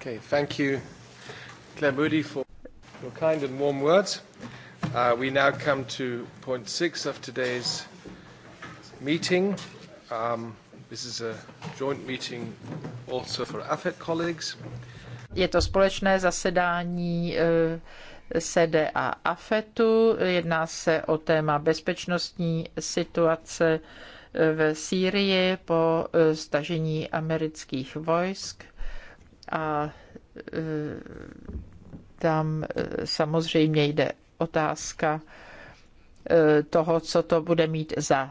Okay, thank you, Claire Moody, for your kind and warm words. Uh, we now come to point six of today's meeting. Um, this is a joint meeting also for AFET colleagues. Je to společné zasedání uh, SEDE a AFETu. Jedná se o téma bezpečnostní situace eh, v Sýrii po uh, stažení amerických vojsk. A e, tam e, samozřejmě jde otázka e, toho, co to bude mít za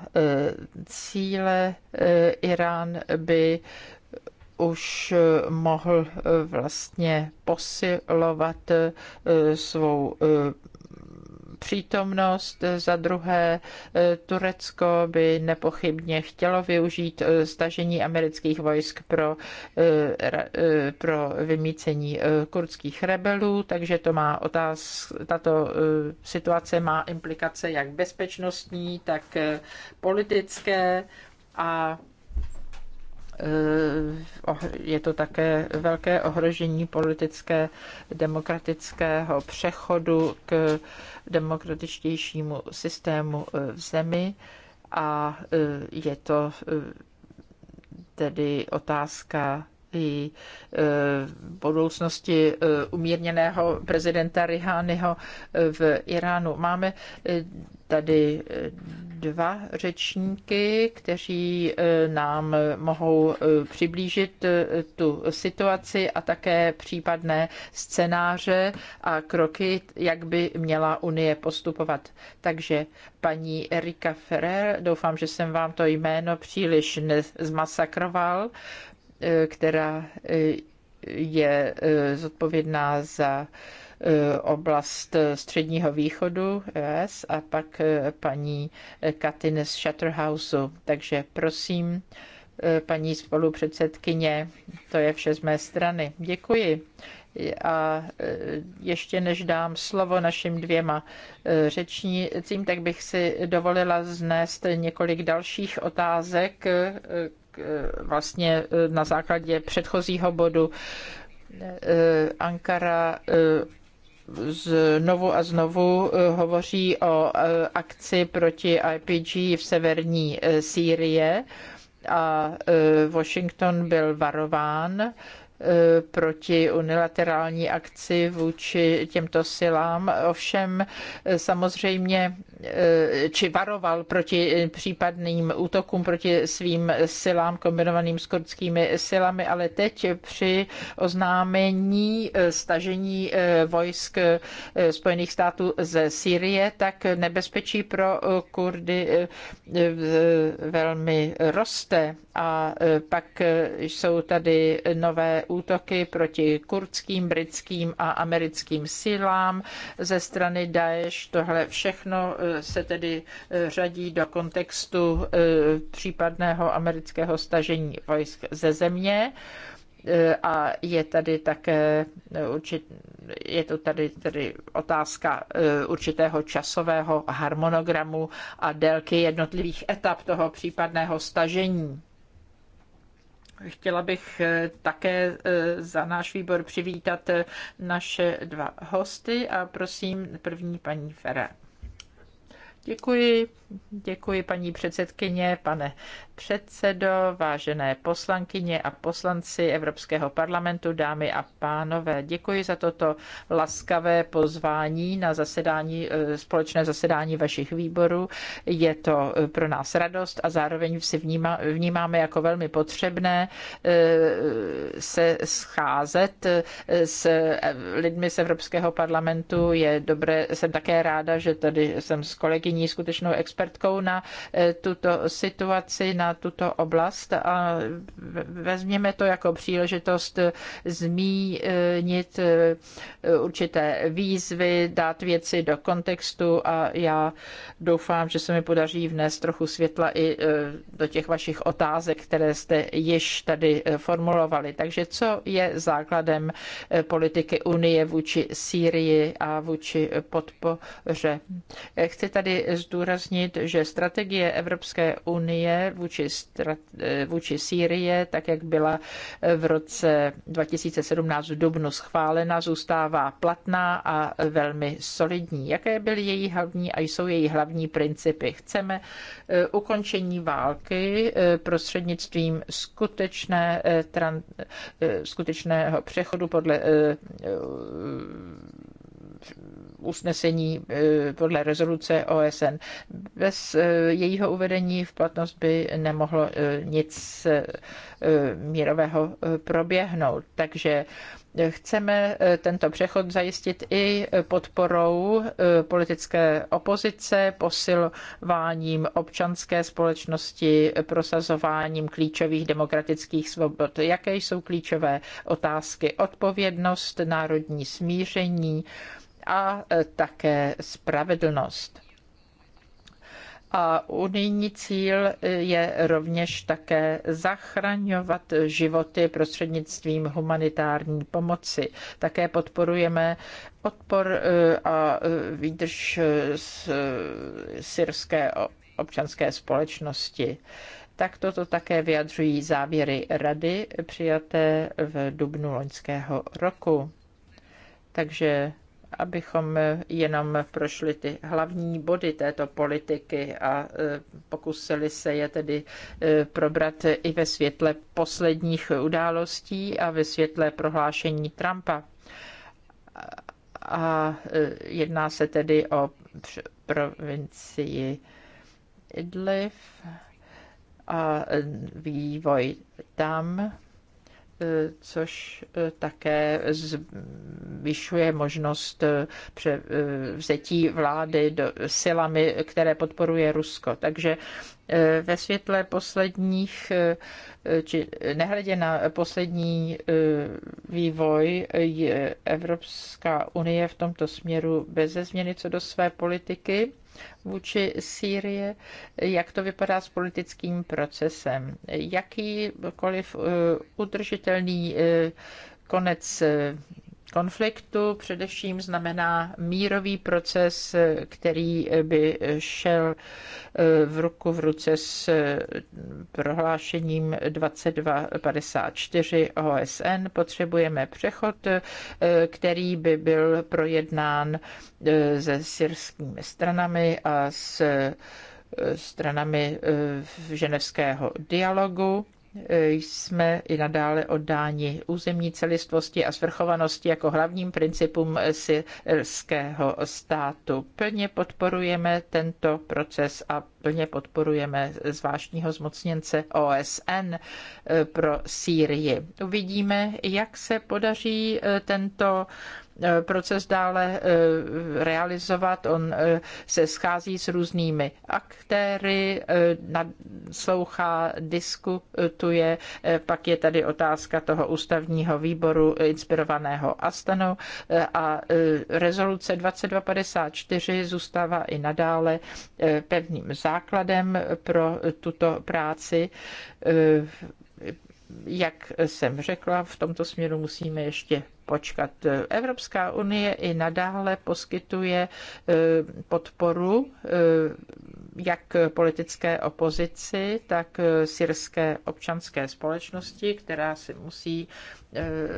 cíle. Irán by už mohl vlastně posilovat svou přítomnost, za druhé e, Turecko by nepochybně chtělo využít e, stažení amerických vojsk pro, e, pro vymícení kurdských rebelů, takže to má otáz, tato situace má implikace jak bezpečnostní, tak politické a Eh, oh, je to také velké ohrožení politické demokratického přechodu k demokratičtějšímu systému eh, v zemi a eh, je to tedy otázka i e, budoucnosti e, umírněného prezidenta Rihányho e, v Iránu. Máme tady dva řečníky, kteří nám mohou přiblížit tu situaci a také případné scénáře a kroky, jak by měla Unie postupovat. Takže paní Erika Ferrer, doufám, že jsem vám to jméno příliš nezmasakroval, E, která e, je e, zodpovědná za oblast Středního východu US a pak paní Katine z Shutterhouse. Takže prosím, paní spolupředsedkyně, to je vše z mé strany. Děkuji. A ještě než dám slovo našim dvěma řečnícím, tak bych si dovolila znést několik dalších otázek Eh, vlastně eh, na základě předchozího bodu eh, Ankara znovu a znovu hovoří o akci proti IPG v severní Sýrie a Washington byl varován proti unilaterální akci vůči těmto silám. Ovšem samozřejmě Eh, či varoval proti případným útokům proti svým silám kombinovaným s kurdskými silami, ale teď při oznámení eh, stažení eh, vojsk Spojených států ze Sýrie, tak nebezpečí pro Kurdy velmi roste. A pak jsou tady nové útoky proti kurdským, britským a americkým silám ze strany Daesh. Tohle všechno se tedy eh, řadí do kontextu eh, případného amerického stažení vojsk ze země eh, a je tady také je to tady, tady otázka určitého časového harmonogramu a délky jednotlivých etap toho případného stažení. Chtěla bych také za náš výbor přivítat naše dva hosty a prosím první paní Ferrer. Děkuji, děkuji paní předsedkyně, pane předsedo, vážené poslankyně a poslanci Evropského parlamentu, dámy a pánové. Děkuji za toto laskavé pozvání na zasedání, eh, společné zasedání vašich výborů. Je to eh, pro nás radost a zároveň si vnímá, vnímáme jako velmi potřebné eh, se scházet s lidmi z Evropského parlamentu. Je dobré, jsem také ráda, že tady jsem s kolegyní skutečnou expertkou na tuto situaci, na na tuto oblast a vezměme to jako příležitost zmínit eh, určité výzvy, dát věci do kontextu a já doufám, že se mi podaří vnést trochu světla i eh, do těch vašich otázek, které jste již tady eh, formulovali. Takže co je základem politiky Unie vůči Sýrii a vůči podpoře? Chci tady zdůraznit, že strategie Evropské unie vůči vůči, vůči Sýrie, tak jak byla v roce 2017 v Dubnu schválena, zůstává platná a velmi solidní. Jaké byly její hlavní a jsou její hlavní principy? Chceme eh, ukončení války eh, prostřednictvím skutečné, eh, tran, skutečného přechodu podle usnesení eh, podle rezoluce OSN. Bez eh, jejího uvedení v platnost by nemohlo eh, nic mírového proběhnout. Takže chceme tento přechod zajistit i podporou politické opozice, posilováním občanské společnosti, prosazováním klíčových demokratických svobod. Jaké jsou klíčové otázky? Odpovědnost, národní smíření, a e, také spravedlnost. A unijní cíl e, je rovněž také zachraňovat životy prostřednictvím humanitární pomoci. Také podporujeme odpor e, a výdrž syrské občanské společnosti. Tak toto také vyjadřují závěry rady přijaté v dubnu loňského roku. Takže abychom jenom prošli ty hlavní body této politiky a e, pokusili se je tedy e, probrat i ve světle posledních událostí a ve světle prohlášení Trumpa. A e, jedná se tedy o provincii Idlib a vývoj tam což eh, také zvyšuje možnost eh, eh, vzetí vlády do silami, které podporuje Rusko. Takže ve světle posledních, či nehledě na poslední vývoj, je Evropská unie v tomto směru bez změny co do své politiky vůči Sýrie, jak to vypadá s politickým procesem. Jakýkoliv eh, udržitelný eh, konec eh, konfliktu především znamená mírový proces, který by šel eh, v ruku v ruce s eh, prohlášením 2254 OSN. Potřebujeme přechod, eh, který by byl projednán se syrskými stranami a s stranami ženevského dialogu jsme i nadále oddáni územní celistvosti a svrchovanosti jako hlavním principům syrského státu. Plně podporujeme tento proces a plně podporujeme zvláštního zmocněnce OSN pro Sýrii. Uvidíme, jak se podaří tento Eh, proces dále eh, realizovat. On eh, se schází s různými aktéry, naslouchá, diskutuje. Pak je tady otázka toho ústavního výboru inspirovaného Astanou a rezoluce 2254 zůstává i nadále pevným základem pro tuto práci jak jsem řekla, v tomto směru musíme ještě počkat. Evropská unie i nadále poskytuje e, podporu e, jak politické opozici, tak e, syrské občanské společnosti, která si musí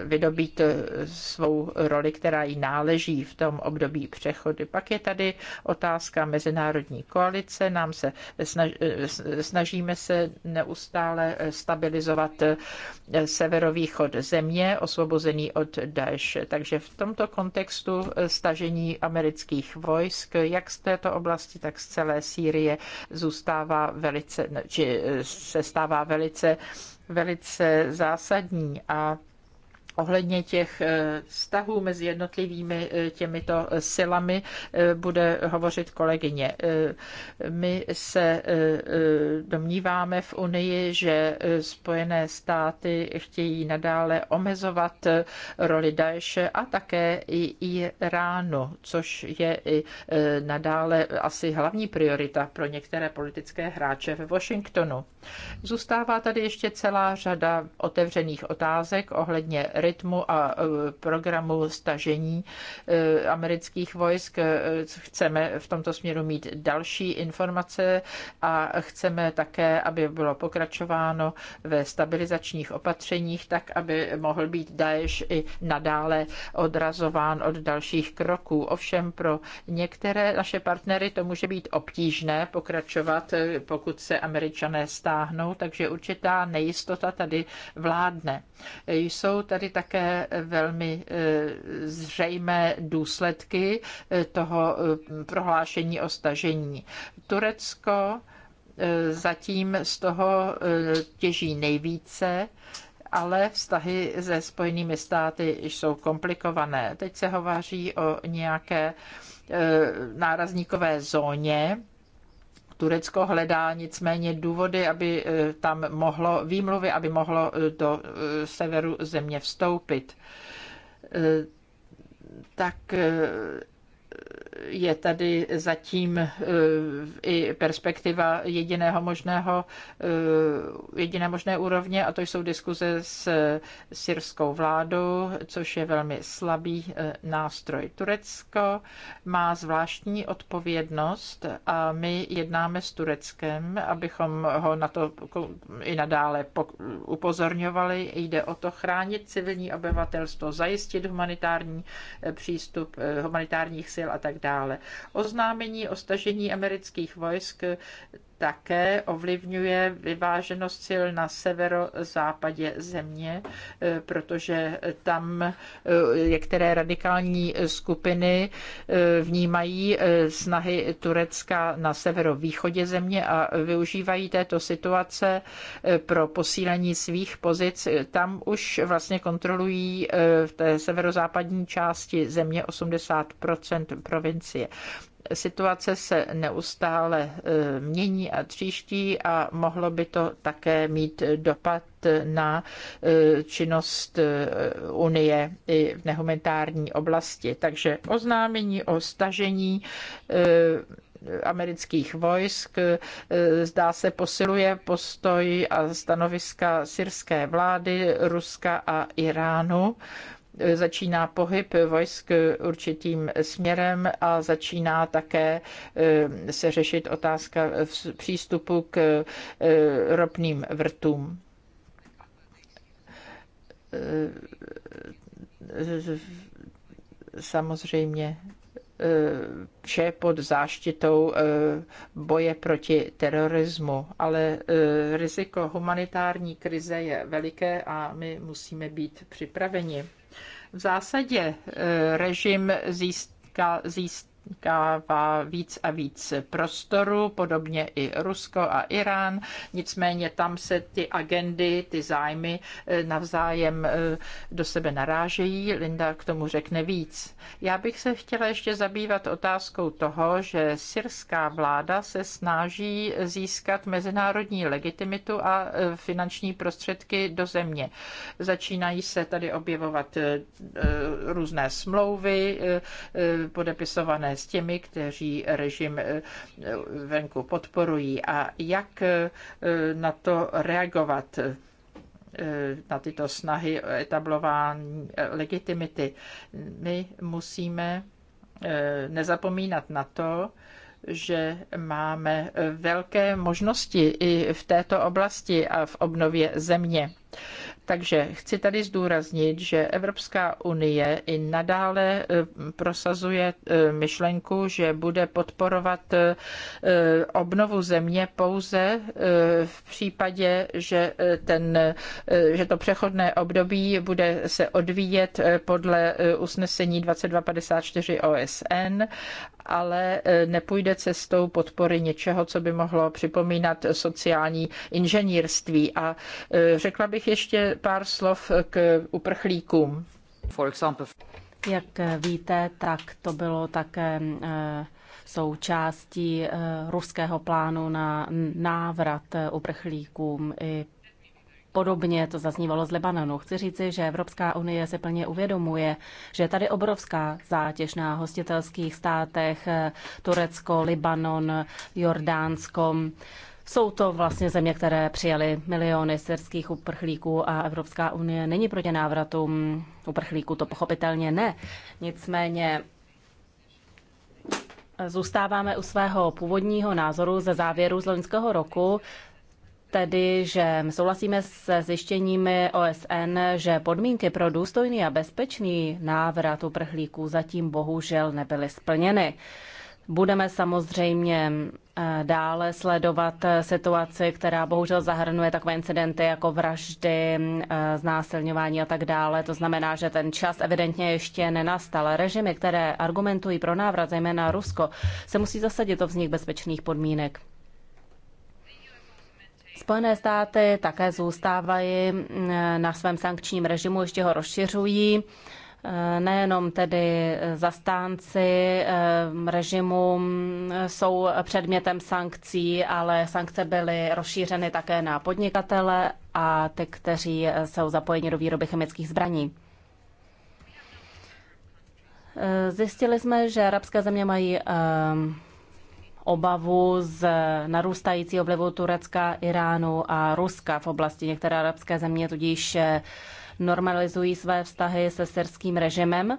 vydobít svou roli, která jí náleží v tom období přechody. Pak je tady otázka mezinárodní koalice. Nám se snažíme se neustále stabilizovat severovýchod země, osvobozený od Daesh. Takže v tomto kontextu eh, stažení amerických vojsk, jak z této oblasti, tak z celé Sýrie, zůstává velice, či eh, se stává velice velice zásadní a ohledně těch eh, vztahů mezi jednotlivými eh, těmito eh, silami bude hovořit kolegyně. My se domníváme v Unii, že Spojené státy chtějí nadále omezovat roli Daeše a také i Iránu, což je i nadále asi hlavní priorita pro některé politické hráče ve Washingtonu. Zůstává tady ještě celá řada otevřených otázek ohledně algoritmu a e, programu stažení e, amerických vojsk. E, chceme v tomto směru mít další informace a chceme také, aby bylo pokračováno ve stabilizačních opatřeních, tak aby mohl být Daesh i nadále odrazován od dalších kroků. Ovšem pro některé naše partnery to může být obtížné pokračovat, pokud se američané stáhnou, takže určitá nejistota tady vládne. Jsou tady tak také velmi e, zřejmé důsledky e, toho e, prohlášení o stažení. Turecko zatím z toho těží nejvíce ale vztahy se Spojenými státy jsou komplikované. Teď se hovoří o nějaké nárazníkové zóně Turecko hledá nicméně důvody, aby e, tam mohlo, výmluvy, aby mohlo e, do e, severu země vstoupit. Tak je tady zatím eh, i perspektiva jediného možného, eh, jediné možné úrovně a to jsou diskuze s syrskou vládou, což je velmi slabý eh, nástroj. Turecko má zvláštní odpovědnost a my jednáme s Tureckem, abychom ho na to i nadále upozorňovali. Jde o to chránit civilní obyvatelstvo, zajistit humanitární přístup humanitárních sil a tak dále dále. Oznámení o stažení amerických vojsk také ovlivňuje vyváženost sil na severozápadě země, eh, protože tam eh, některé radikální skupiny eh, vnímají snahy Turecka na severovýchodě země a využívají této situace pro posílení svých pozic. Tam už vlastně kontrolují v té severozápadní části země 80 provincie. Situace se neustále e, mění a tříští a mohlo by to také mít dopad na e, činnost e, Unie i v nehumanitární oblasti. Takže oznámení o stažení amerických vojsk. Zdá se posiluje postoj a stanoviska syrské vlády, Ruska a Iránu začíná pohyb vojsk určitým směrem a začíná také eh, se řešit otázka přístupu k eh, ropným vrtům eh, samozřejmě vše pod záštitou boje proti terorismu, ale riziko humanitární krize je veliké a my musíme být připraveni v zásadě eh, režim získal získá získává víc a víc prostoru, podobně i Rusko a Irán. Nicméně tam se ty agendy, ty zájmy eh, navzájem eh, do sebe narážejí. Linda k tomu řekne víc. Já bych se chtěla ještě zabývat otázkou toho, že syrská vláda se snaží získat mezinárodní legitimitu a eh, finanční prostředky do země. Začínají se tady objevovat různé smlouvy, podepisované s těmi, kteří režim eh, venku podporují a jak eh, na to reagovat eh, na tyto snahy o etablování legitimity. My musíme nezapomínat na to, že máme velké možnosti i v této oblasti a v obnově země. Takže chci tady zdůraznit, že Evropská unie i nadále eh, prosazuje eh, myšlenku, že bude podporovat eh, obnovu země pouze v případě, že, ten, že to přechodné období bude se odvíjet podle usnesení 2254 OSN ale e, nepůjde cestou podpory něčeho, co by mohlo připomínat sociální inženýrství. A e, řekla bych ještě pár slov k uprchlíkům. Jak víte, tak to bylo také e, součástí ruského plánu na návrat uprchlíkům i Podobně to zaznívalo z Libanonu. Chci říci, že Evropská unie se plně uvědomuje, že tady obrovská zátěž na hostitelských státech eh, Turecko, Libanon, Jordánsko. Jsou to vlastně země, které přijaly miliony syrských uprchlíků a Evropská unie není proti návratům uprchlíků, to pochopitelně ne. Nicméně zůstáváme u svého původního názoru ze závěru z loňského roku, tedy, že souhlasíme se zjištěními OSN, že podmínky pro důstojný a bezpečný návrat uprchlíků zatím bohužel nebyly splněny. Budeme samozřejmě eh, dále sledovat eh, situaci, která bohužel zahrnuje takové incidenty jako vraždy, mm, eh, znásilňování a tak dále. To znamená, že ten čas evidentně ještě nenastal. Režimy, které argumentují pro návrat, zejména Rusko, se musí zasadit o vznik bezpečných podmínek. Spojené státy také zůstávají eh, na svém sankčním režimu, ještě ho rozšiřují. Eh, nejenom tedy zastánci eh, režimu mm, jsou předmětem sankcí, ale sankce byly rozšířeny také na podnikatele a ty, kteří jsou zapojeni do výroby chemických zbraní. Zjistili jsme, že arabské země mají obavu z narůstajícího vlivu Turecka, Iránu a Ruska v oblasti. Některé arabské země tudíž eh, normalizují své vztahy se syrským režimem.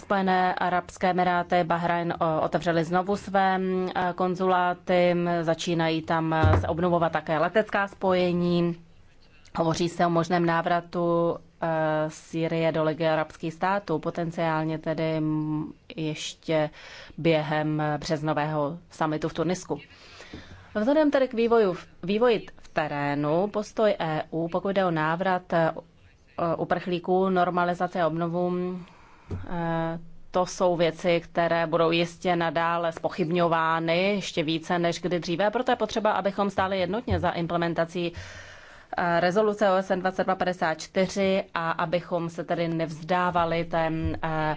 Spojené arabské emiráty, Bahrajn otevřeli znovu své eh, konzuláty, začínají tam se eh, obnovovat také letecká spojení. Hovoří se o možném návratu Eh, Syrie do Ligy arabských států, potenciálně tedy ještě během březnového samitu v Tunisku. Vzhledem tedy k vývoju, vývoji v terénu, postoj EU, pokud jde o návrat eh, eh, uprchlíků, normalizace a obnovu, to jsou věci, které budou jistě nadále spochybňovány ještě více než kdy dříve. Proto je potřeba, abychom stáli jednotně za implementací Eh, rezoluce OSN 2254 a abychom se tedy nevzdávali té eh,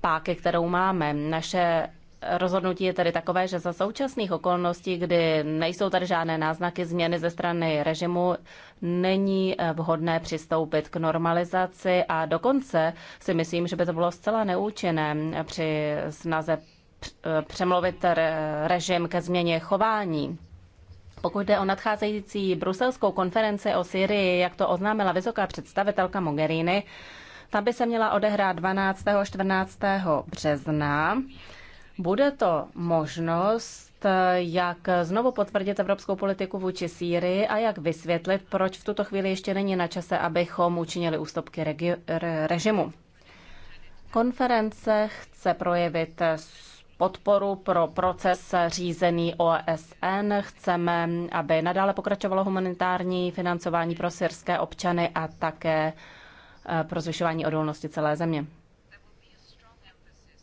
páky, kterou máme. Naše Rozhodnutí je tedy takové, že za současných okolností, kdy nejsou tady žádné náznaky změny ze strany režimu, není eh, vhodné přistoupit k normalizaci a dokonce si myslím, že by to bylo zcela neúčinné při snaze přemluvit režim ke změně chování. Pokud jde o nadcházející bruselskou konferenci o Syrii, jak to oznámila vysoká představitelka Mogherini, ta by se měla odehrát 12. a 14. března. Bude to možnost, jak znovu potvrdit evropskou politiku vůči Sýrii a jak vysvětlit, proč v tuto chvíli ještě není na čase, abychom učinili ústupky režimu. Konference chce projevit podporu pro proces řízený OSN. Chceme, aby nadále pokračovalo humanitární financování pro syrské občany a také eh, pro zvyšování odolnosti celé země.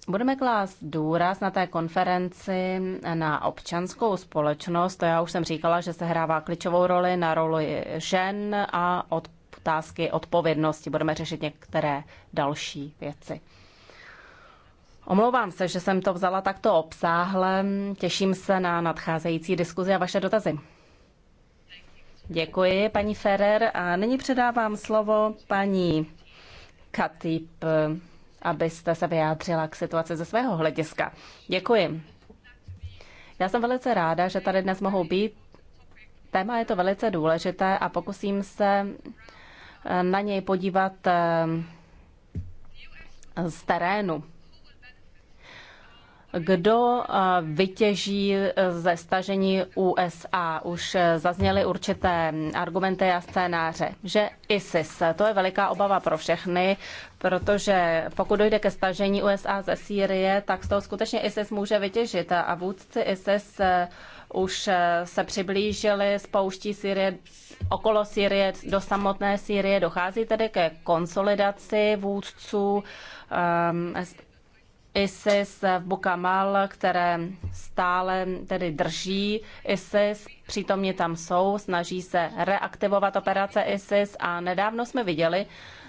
Budeme klást důraz na té konferenci na občanskou společnost. To já už jsem říkala, že se hrává klíčovou roli na roli žen a od otázky odpovědnosti. Budeme řešit některé další věci. Omlouvám se, že jsem to vzala takto obsáhle. Těším se na nadcházející diskuzi a vaše dotazy. Děkuji, paní Ferrer. A nyní předávám slovo paní Katip, abyste se vyjádřila k situaci ze svého hlediska. Děkuji. Já jsem velice ráda, že tady dnes mohou být. Téma je to velice důležité a pokusím se eh, na něj podívat eh, z terénu kdo eh, vytěží eh, ze stažení USA. Už eh, zazněly určité argumenty a scénáře, že ISIS, to je veliká obava pro všechny, protože pokud dojde ke stažení USA ze Sýrie, tak z toho skutečně ISIS může vytěžit a vůdci ISIS už se přiblížili z pouští Syrie, okolo Syrie, do samotné Syrie. Dochází tedy ke konsolidaci vůdců ehm, ISIS v Bukamal, které stále tedy drží ISIS, přítomně tam jsou, snaží se reaktivovat operace ISIS a nedávno jsme viděli,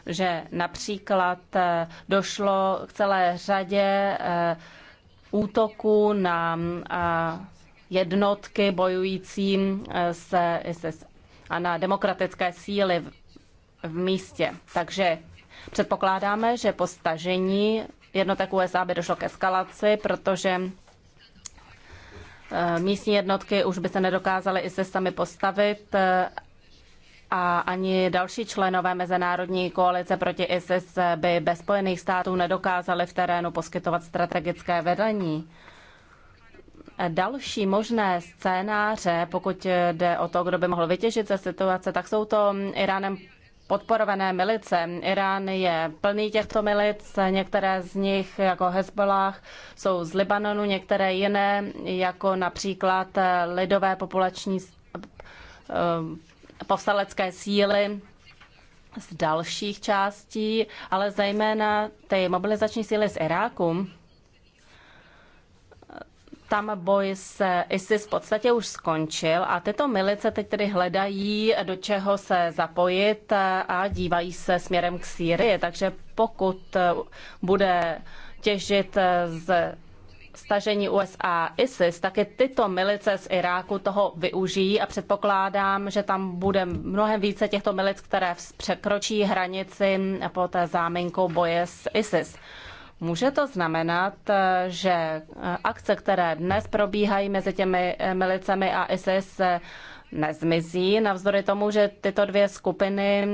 že například eh, došlo k celé řadě eh, útoků na eh, jednotky bojující s ISIS a na demokratické síly v místě. Takže předpokládáme, že po stažení jednotek USA by došlo k eskalaci, protože eh, místní jednotky už by se nedokázaly i se sami postavit eh, a ani další členové mezinárodní koalice proti ISIS by bez Spojených států nedokázali v terénu poskytovat strategické vedení. Další možné scénáře, pokud jde o to, kdo by mohl vytěžit ze situace, tak jsou to Iránem podporované milice. Irán je plný těchto milic, některé z nich jako Hezbollah jsou z Libanonu, některé jiné jako například lidové populační eh, povstalecké síly z dalších částí, ale zejména ty mobilizační síly z Iráku tam boj s ISIS v podstatě už skončil a tyto milice teď tedy hledají, do čeho se zapojit a dívají se směrem k Sýrii. Takže pokud bude těžit z stažení USA ISIS, i tyto milice z Iráku toho využijí a předpokládám, že tam bude mnohem více těchto milic, které překročí hranici pod záminkou boje s ISIS. Může to znamenat, eh, že eh, akce, které dnes probíhají mezi těmi eh, milicemi a ISIS, nezmizí, navzdory tomu, že tyto dvě skupiny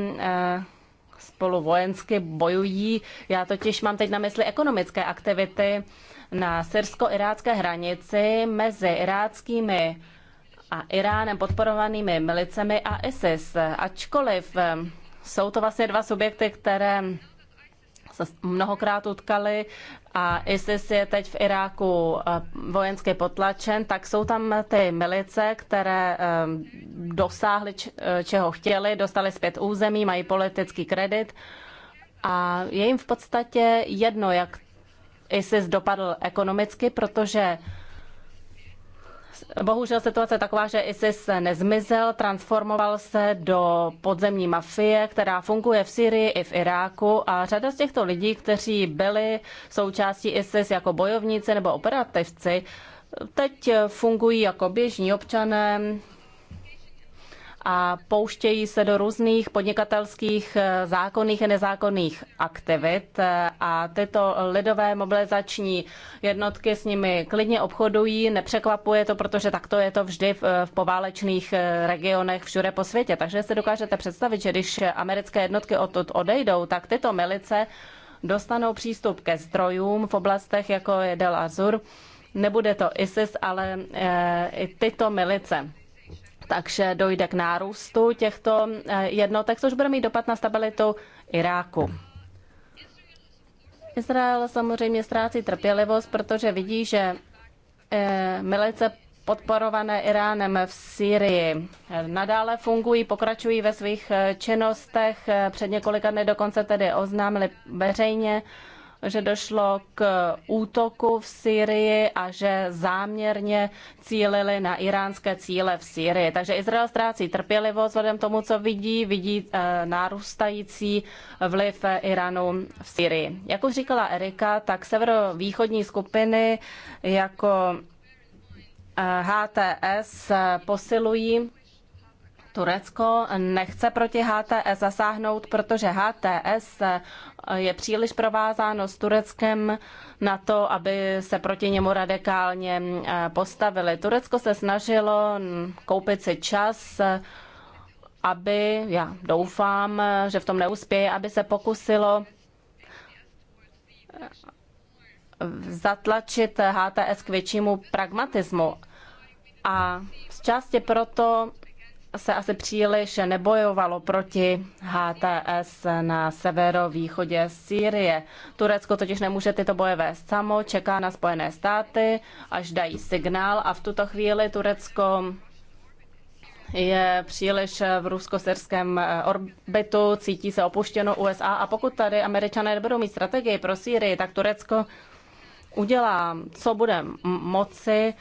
spolu vojensky bojují. Já totiž mám teď na mysli ekonomické aktivity na syrsko-irácké hranici mezi iráckými a Iránem podporovanými milicemi a ISIS. Ačkoliv jsou to vlastně dva subjekty, které se mnohokrát utkali a ISIS je teď v Iráku eh, vojensky potlačen, tak jsou tam ty milice, které eh, dosáhly, eh, čeho chtěli, dostali zpět území, mají politický kredit a je jim v podstatě jedno, jak ISIS dopadl ekonomicky, protože Bohužel situace je taková, že ISIS nezmizel, transformoval se do podzemní mafie, která funguje v Syrii i v Iráku a řada z těchto lidí, kteří byli součástí ISIS jako bojovníci nebo operativci, teď fungují jako běžní občané, a pouštějí se do různých podnikatelských eh, zákonných a nezákonných aktivit eh, a tyto lidové mobilizační jednotky s nimi klidně obchodují. Nepřekvapuje to, protože takto je to vždy v eh, poválečných regionech všude po světě. Takže si dokážete představit, že když americké jednotky odtud odejdou, tak tyto milice dostanou přístup ke zdrojům v oblastech, jako je Del Azur. Nebude to ISIS, ale e, i tyto milice takže dojde k nárůstu těchto eh, jednotek, což bude mít dopad na stabilitu Iráku. Izrael samozřejmě ztrácí trpělivost, protože vidí, že eh, milice podporované Iránem v Sýrii eh, nadále fungují, pokračují ve svých činnostech. Před několika dny dokonce tedy oznámili veřejně, že došlo k útoku v Syrii a že záměrně cílili na iránské cíle v Syrii. Takže Izrael ztrácí trpělivost vzhledem tomu, co vidí, vidí eh, nárůstající vliv eh, Iránu v Syrii. Jak už říkala Erika, tak severovýchodní skupiny jako HTS eh, posilují Turecko nechce proti HTS zasáhnout, protože HTS je příliš provázáno s Tureckem na to, aby se proti němu radikálně eh, postavili. Turecko se snažilo koupit si čas, aby, já doufám, že v tom neuspěje, aby se pokusilo eh, zatlačit HTS k většímu pragmatismu. A z části proto se asi příliš nebojovalo proti HTS na severovýchodě Sýrie. Turecko totiž nemůže tyto boje vést samo, čeká na Spojené státy, až dají signál a v tuto chvíli Turecko je příliš v rusko-syrském eh, orbitu, cítí se opuštěno USA a pokud tady američané nebudou mít strategii pro Sýrii, tak Turecko udělá, co bude moci,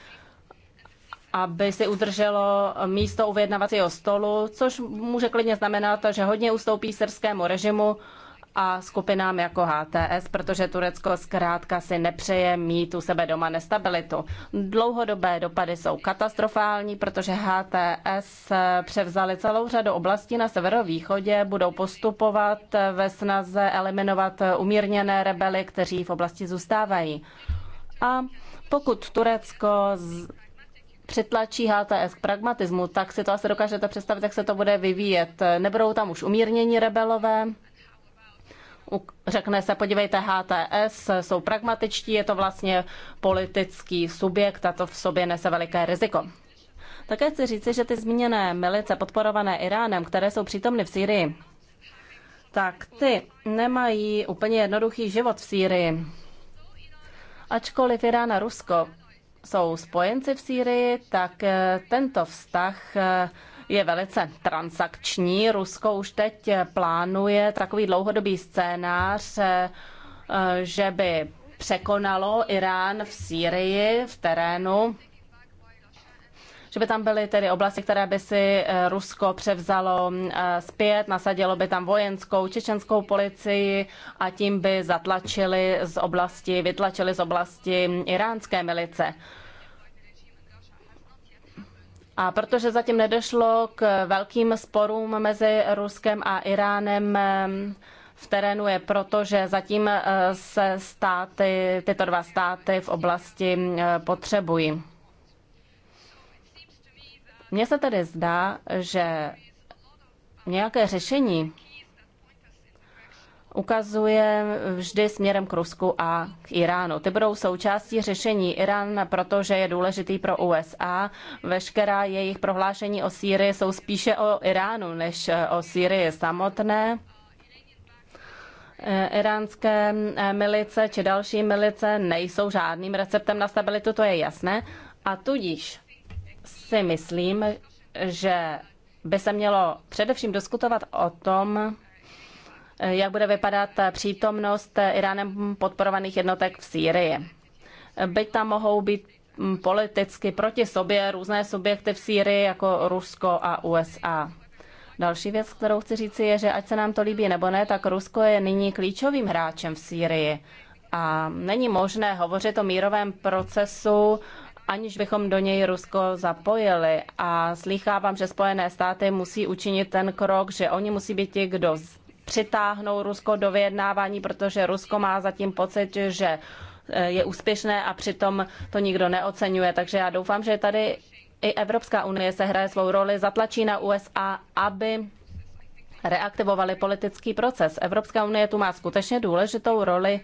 aby si udrželo místo u vyjednavacího stolu, což může klidně znamenat, že hodně ustoupí srskému režimu a skupinám jako HTS, protože Turecko zkrátka si nepřeje mít u sebe doma nestabilitu. Dlouhodobé dopady jsou katastrofální, protože HTS převzali celou řadu oblastí na severovýchodě, budou postupovat ve snaze eliminovat umírněné rebely, kteří v oblasti zůstávají. A pokud Turecko přetlačí HTS k pragmatismu, tak si to asi dokážete představit, jak se to bude vyvíjet. Nebudou tam už umírnění rebelové, řekne se, podívejte, HTS jsou pragmatičtí, je to vlastně politický subjekt a to v sobě nese veliké riziko. Také chci říci, že ty zmíněné milice podporované Iránem, které jsou přítomny v Sýrii, tak ty nemají úplně jednoduchý život v Sýrii. Ačkoliv Irán a Rusko jsou spojenci v Sýrii, tak eh, tento vztah eh, je velice transakční. Rusko už teď eh, plánuje takový dlouhodobý scénář, že by překonalo Irán v Sýrii v terénu že by tam byly tedy oblasti, které by si eh, Rusko převzalo eh, zpět, nasadilo by tam vojenskou, čečenskou policii a tím by zatlačili z oblasti, vytlačili z oblasti iránské milice. A protože zatím nedošlo k velkým sporům mezi Ruskem a Iránem, eh, v terénu je proto, že zatím se státy, tyto dva státy v oblasti potřebují. Mně se tedy zdá, že nějaké řešení ukazuje vždy směrem k Rusku a k Iránu. Ty budou součástí řešení Irán, protože je důležitý pro USA. Veškerá jejich prohlášení o Sýrii jsou spíše o Iránu než o Sýrii samotné. Iránské milice či další milice nejsou žádným receptem na stabilitu, to je jasné. A tudíž si myslím, že by se mělo především diskutovat o tom, jak bude vypadat přítomnost Iránem podporovaných jednotek v Sýrii. Byť tam mohou být politicky proti sobě různé subjekty v Sýrii, jako Rusko a USA. Další věc, kterou chci říci, je, že ať se nám to líbí nebo ne, tak Rusko je nyní klíčovým hráčem v Sýrii. A není možné hovořit o mírovém procesu aniž bychom do něj Rusko zapojili. A slychávám, že Spojené státy musí učinit ten krok, že oni musí být ti, kdo přitáhnou Rusko do vyjednávání, protože Rusko má zatím pocit, že eh, je úspěšné a přitom to nikdo neocenuje. Takže já doufám, že tady i Evropská unie se hraje svou roli, zatlačí na USA, aby reaktivovali politický proces. Evropská unie tu má skutečně důležitou roli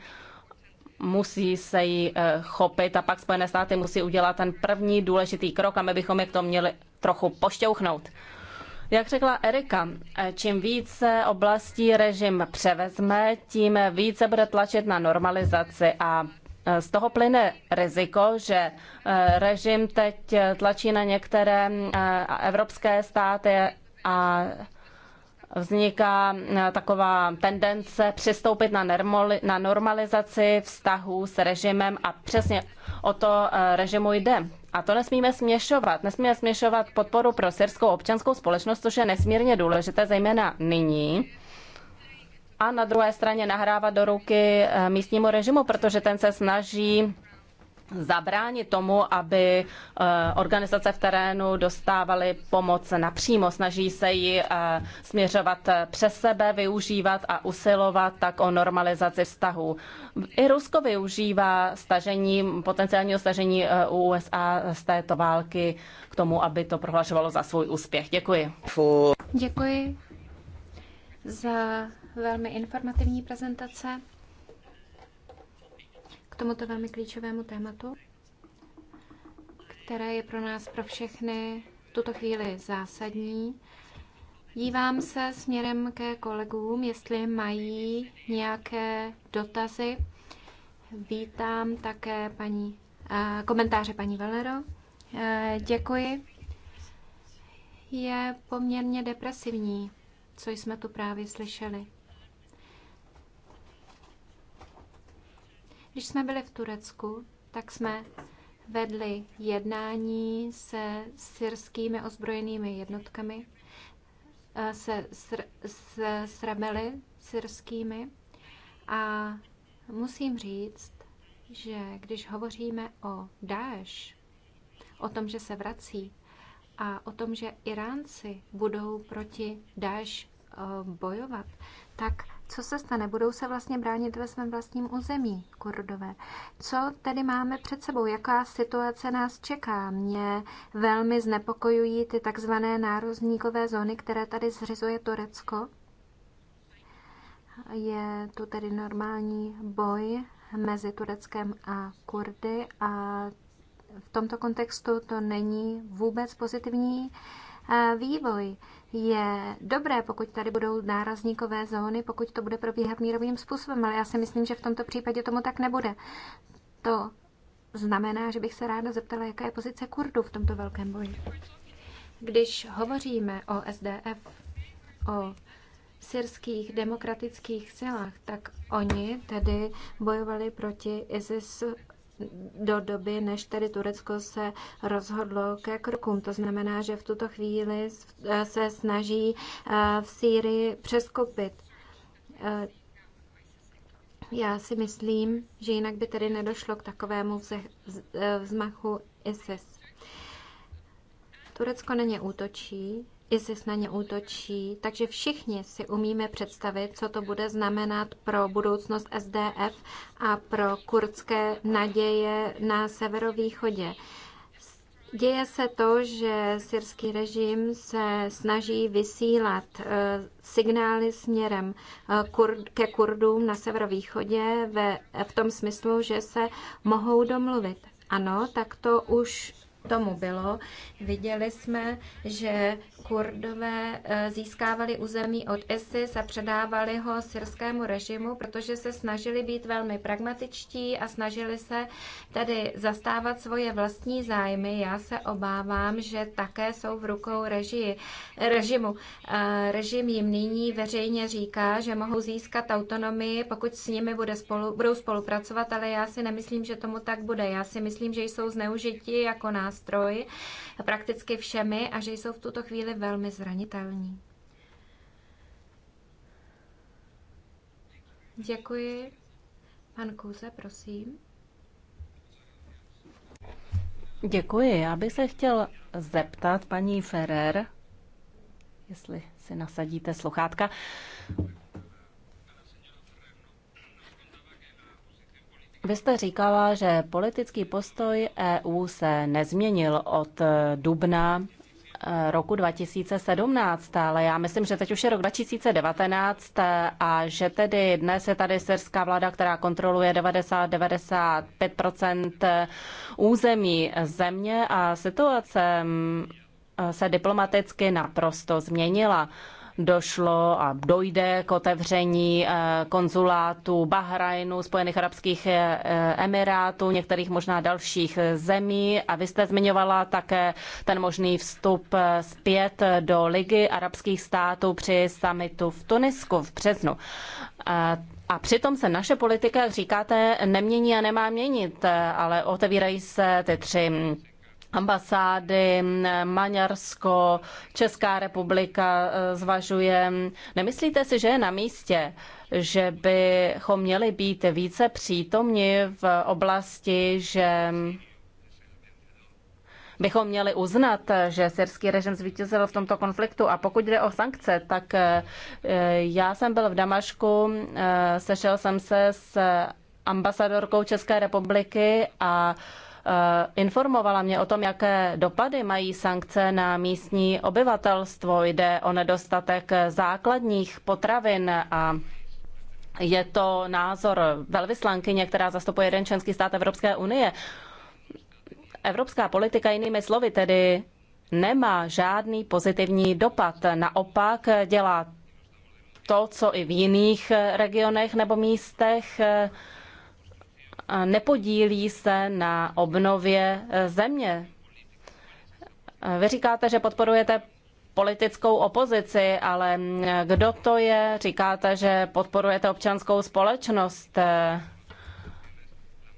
musí se jí eh, chopit a pak Spojené státy musí udělat ten první důležitý krok a my bychom je k tomu měli trochu pošťouchnout. Jak řekla Erika, eh, čím více oblastí režim převezme, tím více bude tlačit na normalizaci a eh, z toho plyne riziko, že režim teď tlačí na některé evropské státy a vzniká eh, taková tendence přistoupit na normalizaci vztahů s režimem a přesně o to eh, režimu jde. A to nesmíme směšovat. Nesmíme směšovat podporu pro syrskou občanskou společnost, což je nesmírně důležité, zejména nyní. A na druhé straně nahrávat do ruky eh, místnímu režimu, protože ten se snaží zabránit tomu, aby eh, organizace v terénu dostávaly pomoc napřímo. Snaží se ji eh, směřovat eh, přes sebe, využívat a usilovat tak o normalizaci vztahů. I Rusko využívá stažení, potenciálního stažení USA z této války k tomu, aby to prohlašovalo za svůj úspěch. Děkuji. Děkuji za velmi informativní prezentace tomuto velmi klíčovému tématu, které je pro nás, pro všechny, v tuto chvíli zásadní. Dívám se směrem ke kolegům, jestli mají nějaké dotazy. Vítám také paní, eh, komentáře paní Valero. Eh, děkuji. Je poměrně depresivní, co jsme tu právě slyšeli. Když jsme byli v Turecku, tak jsme vedli jednání se syrskými ozbrojenými jednotkami, eh, se, sr, se s syrskými a musím říct, že když hovoříme o Daesh, o tom, že se vrací a o tom, že Iránci budou proti Daesh eh, bojovat, tak co se stane? Budou se vlastně bránit ve svém vlastním území, Kurdové. Co tedy máme před sebou? Jaká situace nás čeká? Mě velmi znepokojují ty takzvané nározníkové zóny, které tady zřizuje Turecko. Je tu tedy normální boj mezi Tureckem a Kurdy a v tomto kontextu to není vůbec pozitivní eh, vývoj je dobré, pokud tady budou nárazníkové zóny, pokud to bude probíhat mírovým způsobem, ale já si myslím, že v tomto případě tomu tak nebude. To znamená, že bych se ráda zeptala, jaká je pozice Kurdů v tomto velkém boji. Když hovoříme o SDF, o syrských demokratických silách, tak oni tedy bojovali proti ISIS do doby, než tedy Turecko se rozhodlo ke krokům. To znamená, že v tuto chvíli se snaží eh, v Sýrii přeskopit. Eh, já si myslím, že jinak by tedy nedošlo k takovému eh, vzmachu ISIS. Turecko na ně útočí, ISIS na ně útočí, takže všichni si umíme představit, co to bude znamenat pro budoucnost SDF a pro kurdské naděje na severovýchodě. Děje se to, že syrský režim se snaží vysílat eh, signály směrem eh, ke Kurdům na severovýchodě v tom smyslu, že se mohou domluvit. Ano, tak to už tomu bylo. Viděli jsme, že kurdové eh, získávali území od ISIS a předávali ho syrskému režimu, protože se snažili být velmi pragmatičtí a snažili se tedy zastávat svoje vlastní zájmy. Já se obávám, že také jsou v rukou režii, režimu. Eh, režim jim nyní veřejně říká, že mohou získat autonomii, pokud s nimi bude spolu, budou spolupracovat, ale já si nemyslím, že tomu tak bude. Já si myslím, že jsou zneužiti jako nástroj prakticky všemi a že jsou v tuto chvíli velmi zranitelní. Děkuji. Pan Kouze, prosím. Děkuji. Já bych se chtěl zeptat paní Ferrer, jestli si nasadíte sluchátka. Vy jste říkala, že politický postoj EU se nezměnil od dubna Eh, roku 2017, ale já myslím, že teď už je rok 2019 eh, a že tedy dnes je tady syrská vláda, která kontroluje 90-95 eh, území země a situace mm, se diplomaticky naprosto změnila došlo a dojde k otevření eh, konzulátu Bahrajnu, Spojených arabských eh, emirátů, některých možná dalších zemí. A vy jste zmiňovala také ten možný vstup eh, zpět do Ligy arabských států při summitu v Tunisku v březnu. A přitom se naše politika, jak říkáte, nemění a nemá měnit, ale otevírají se ty tři ambasády, Maďarsko, Česká republika eh, zvažuje. Nemyslíte si, že je na místě, že bychom měli být více přítomni v oblasti, že bychom měli uznat, že syrský režim zvítězil v tomto konfliktu. A pokud jde o sankce, tak eh, já jsem byl v Damašku, eh, sešel jsem se s ambasadorkou České republiky a Eh, informovala mě o tom, jaké dopady mají sankce na místní obyvatelstvo. Jde o nedostatek základních potravin a je to názor velvyslankyně, která zastupuje jeden členský stát Evropské unie. Evropská politika, jinými slovy, tedy nemá žádný pozitivní dopad. Naopak dělá to, co i v jiných regionech nebo místech eh, nepodílí se na obnově eh, země. Eh, vy říkáte, že podporujete politickou opozici, ale mm, kdo to je? Říkáte, že podporujete občanskou společnost. Eh,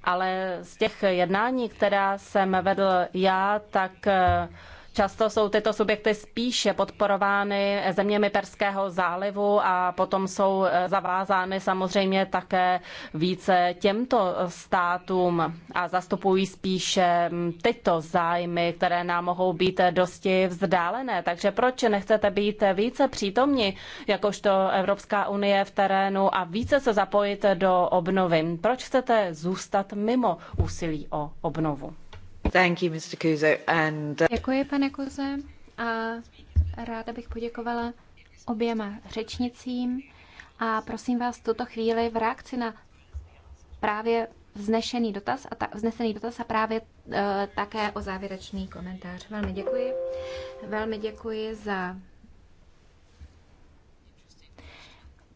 ale z těch jednání, která jsem vedl já, tak Často jsou tyto subjekty spíše podporovány zeměmi Perského zálivu a potom jsou eh, zavázány samozřejmě také více těmto státům a zastupují spíše mm, tyto zájmy, které nám mohou být dosti vzdálené. Takže proč nechcete být více přítomni, jakožto Evropská unie v terénu a více se zapojit do obnovy? Proč chcete zůstat mimo úsilí o obnovu? Uh, děkuji, pane Kuze, a ráda bych poděkovala oběma řečnicím a prosím vás tuto chvíli v reakci na právě vznešený dotaz a ta, vznesený dotaz a právě e, také o závěrečný komentář. Velmi děkuji. Velmi děkuji za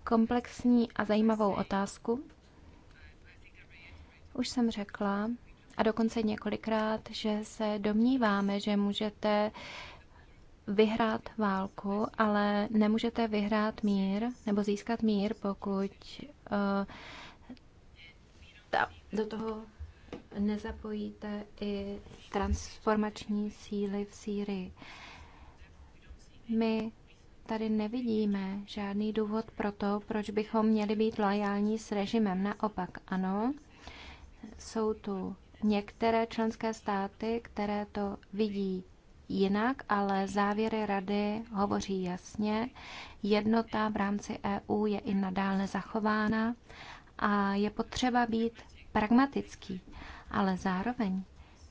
komplexní a zajímavou otázku. Už jsem řekla, a dokonce několikrát, že se domníváme, že můžete vyhrát válku, ale nemůžete vyhrát mír nebo získat mír, pokud uh, ta, do toho nezapojíte i transformační síly v Sýrii. My tady nevidíme žádný důvod pro to, proč bychom měli být loajální s režimem. Naopak, ano, jsou tu některé členské státy, které to vidí jinak, ale závěry rady hovoří jasně. Jednota v rámci EU je i nadále zachována a je potřeba být pragmatický, ale zároveň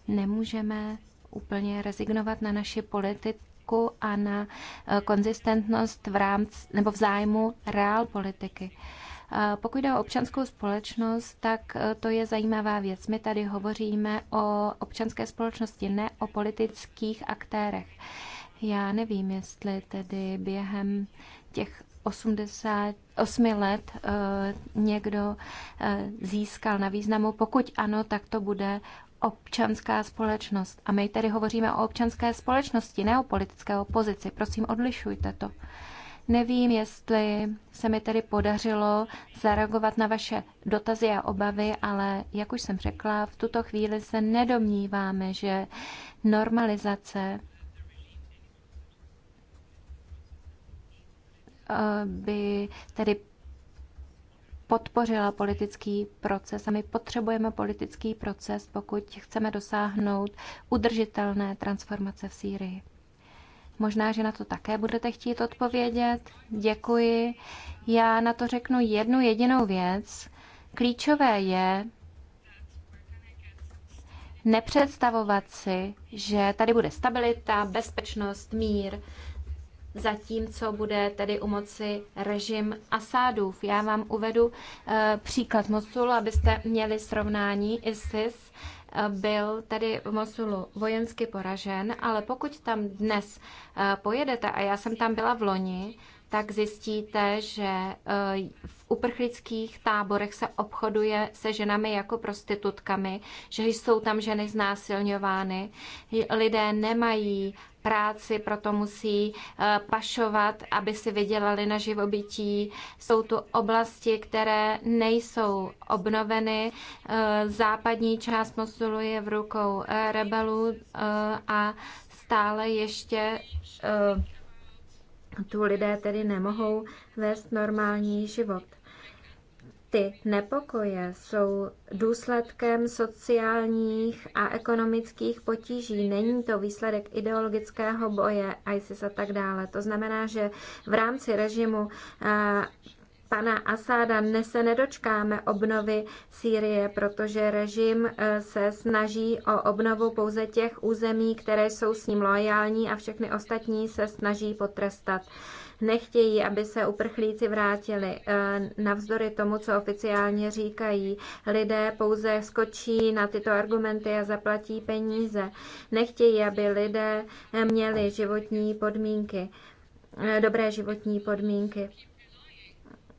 nemůžeme úplně rezignovat na naši politiku a na eh, konzistentnost v rámci nebo v zájmu reál politiky. Pokud jde o občanskou společnost, tak e, to je zajímavá věc. My tady hovoříme o občanské společnosti, ne o politických aktérech. Já nevím, jestli tedy během těch 88 let e, někdo e, získal na významu. Pokud ano, tak to bude občanská společnost. A my tady hovoříme o občanské společnosti, ne o politické opozici. Prosím, odlišujte to. Nevím, jestli se mi tedy podařilo zareagovat na vaše dotazy a obavy, ale jak už jsem řekla, v tuto chvíli se nedomníváme, že normalizace eh, by tedy podpořila politický proces a my potřebujeme politický proces, pokud chceme dosáhnout udržitelné transformace v Sýrii. Možná, že na to také budete chtít odpovědět. Děkuji. Já na to řeknu jednu jedinou věc. Klíčové je nepředstavovat si, že tady bude stabilita, bezpečnost, mír, zatímco bude tedy u moci režim Asádův. Já vám uvedu uh, příklad Mosulu, abyste měli srovnání ISIS byl tady v Mosulu vojensky poražen, ale pokud tam dnes eh, pojedete, a já jsem tam byla v loni, tak zjistíte, že eh, v uprchlických táborech se obchoduje se ženami jako prostitutkami, že jsou tam ženy znásilňovány, lidé nemají práci, proto musí eh, pašovat, aby si vydělali na živobytí. Jsou tu oblasti, které nejsou obnoveny. Eh, západní část Mosulu je v rukou eh, rebelů a stále ještě tu lidé tedy nemohou vést normální život ty nepokoje jsou důsledkem sociálních a ekonomických potíží. Není to výsledek ideologického boje ISIS a tak dále. To znamená, že v rámci režimu eh, pana Asáda ne se nedočkáme obnovy Sýrie, protože režim eh, se snaží o obnovu pouze těch území, které jsou s ním loajální a všechny ostatní se snaží potrestat nechtějí, aby se uprchlíci vrátili. Eh, navzdory tomu, co oficiálně říkají, lidé pouze skočí na tyto argumenty a zaplatí peníze. Nechtějí, aby lidé eh, měli životní podmínky, eh, dobré životní podmínky.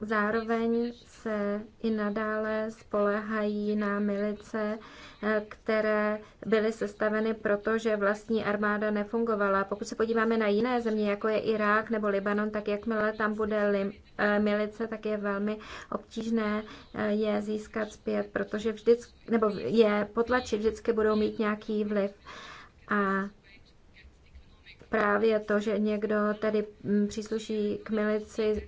Zároveň se i nadále spoléhají na milice, eh, které byly sestaveny proto, že vlastní armáda nefungovala. Pokud se podíváme na jiné země, jako je Irák nebo Libanon, tak jakmile tam bude eh, milice, tak je velmi obtížné eh, je získat zpět, protože vždycky, nebo je potlačit, vždycky budou mít nějaký vliv. A právě to, že někdo tady mm, přísluší k milici,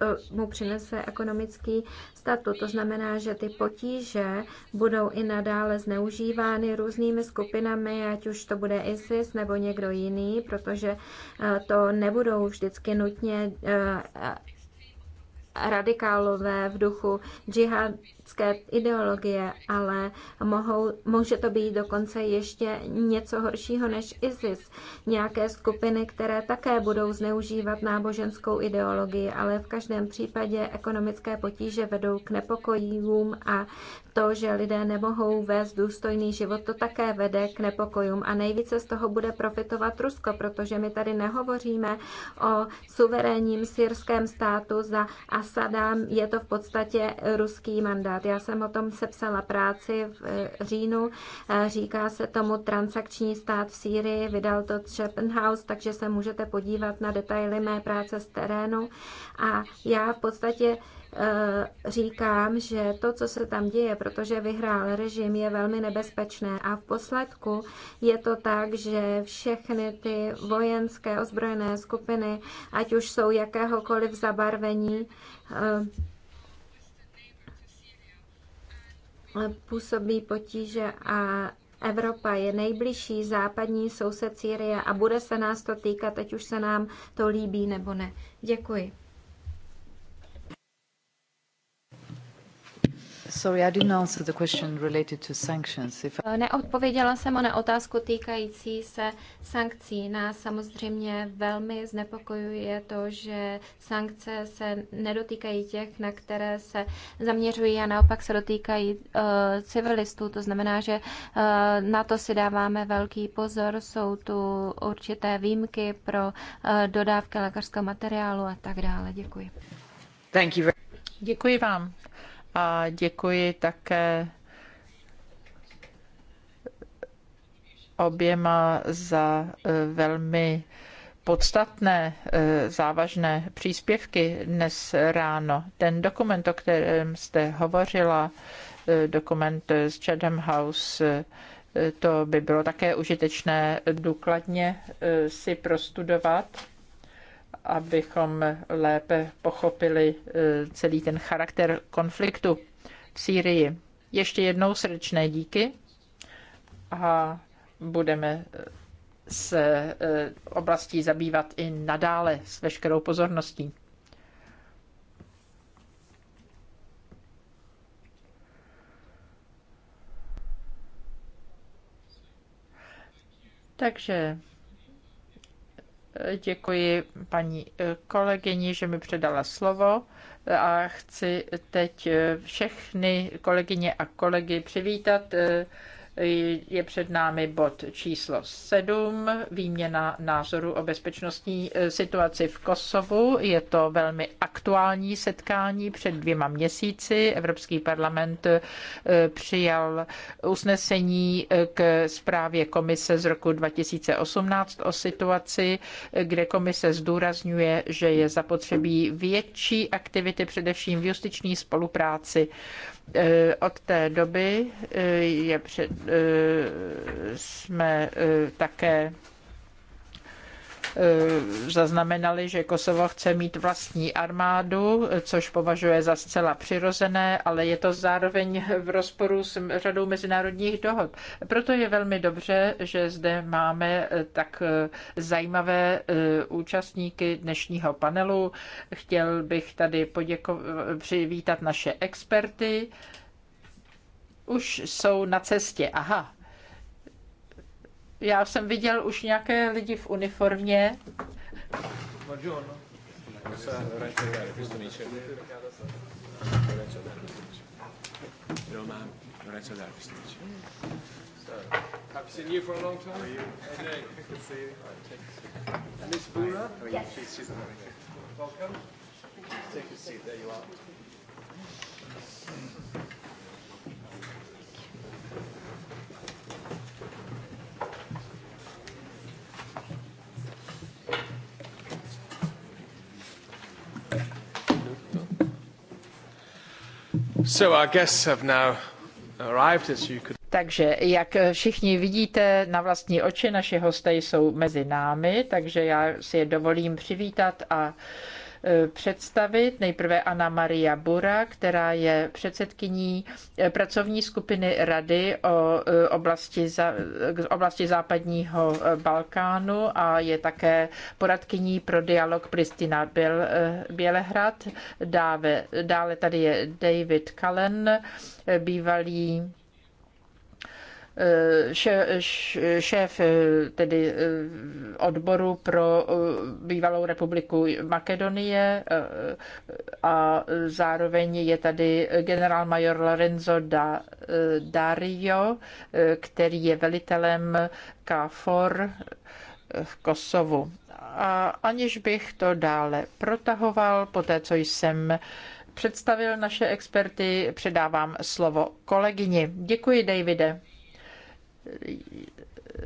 to mu přinese ekonomický statut. To znamená, že ty potíže budou i nadále zneužívány různými skupinami, ať už to bude ISIS nebo někdo jiný, protože eh, to nebudou vždycky nutně eh, radikálové v duchu džihadské ideologie, ale mohou, může to být dokonce ještě něco horšího než ISIS. Nějaké skupiny, které také budou zneužívat náboženskou ideologii, ale v každém případě ekonomické potíže vedou k nepokojům a to, že lidé nemohou vést důstojný život, to také vede k nepokojům. A nejvíce z toho bude profitovat Rusko, protože my tady nehovoříme o suverénním syrském státu za Asada. Je to v podstatě ruský mandát. Já jsem o tom sepsala práci v eh, říjnu. Eh, říká se tomu transakční stát v Sýrii. Vydal to Schopenhaus, takže se můžete podívat na detaily mé práce z terénu. A já v podstatě Eh, říkám, že to, co se tam děje, protože vyhrál režim, je velmi nebezpečné a v posledku je to tak, že všechny ty vojenské ozbrojené skupiny, ať už jsou jakéhokoliv zabarvení, eh, působí potíže a Evropa je nejbližší západní soused Sýrie a bude se nás to týkat, ať už se nám to líbí nebo ne. Děkuji. Sorry, I didn't answer the question related to sanctions. If... Eh, neodpověděla jsem na otázku týkající se sankcí. Nás samozřejmě velmi znepokojuje to, že sankce se nedotýkají těch, na které se zaměřují a naopak se dotýkají uh, civilistů. To znamená, že uh, na to si dáváme velký pozor. Jsou tu určité výjimky pro uh, dodávky lékařského materiálu a tak dále. Děkuji. Thank you very... Děkuji vám a děkuji také oběma za e, velmi podstatné e, závažné příspěvky dnes ráno. Ten dokument, o kterém jste hovořila, e, dokument z Chatham House, to by bylo také užitečné důkladně si prostudovat abychom lépe pochopili e, celý ten charakter konfliktu v Sýrii. Ještě jednou srdečné díky a budeme e, se e, oblastí zabývat i nadále s veškerou pozorností. Takže Děkuji paní eh, kolegyni, že mi předala slovo a chci teď eh, všechny kolegyně a kolegy přivítat eh, je před námi bod číslo 7, výměna názoru o bezpečnostní eh, situaci v Kosovu. Je to velmi aktuální setkání. Před dvěma měsíci Evropský parlament eh, přijal usnesení eh, k zprávě komise z roku 2018 o situaci, kde komise zdůrazňuje, že je zapotřebí větší aktivity, především v justiční spolupráci Eh, od té doby eh, je před, eh, jsme také Eh, zaznamenali, že Kosovo chce mít vlastní armádu, což považuje za zcela přirozené, ale je to zároveň v rozporu s řadou mezinárodních dohod. Proto je velmi dobře, že zde máme eh, tak eh, zajímavé účastníky dnešního panelu. Chtěl bych tady poděko- přivítat naše experty. Už jsou na cestě. Aha, já jsem viděl už nějaké lidi v uniformě. Thank you So our guests have now arrived, as you could... Takže, jak všichni vidíte na vlastní oči, naše hosté jsou mezi námi, takže já si je dovolím přivítat a Eh, představit. Nejprve Anna Maria Bura, která je předsedkyní eh, pracovní skupiny Rady o eh, oblasti, za, oblasti západního Balkánu a je také poradkyní pro dialog Pristina Bělehrad. Dáve, dále tady je David Kallen, bývalý Eh, šéf eh, tedy eh, odboru pro bývalou republiku Makedonie a zároveň je tady generálmajor Lorenzo da Dario, který je velitelem KFOR v Kosovu. A aniž bych to dále protahoval, po té, co jsem představil naše experty, předávám slovo kolegyni. Děkuji, Davide.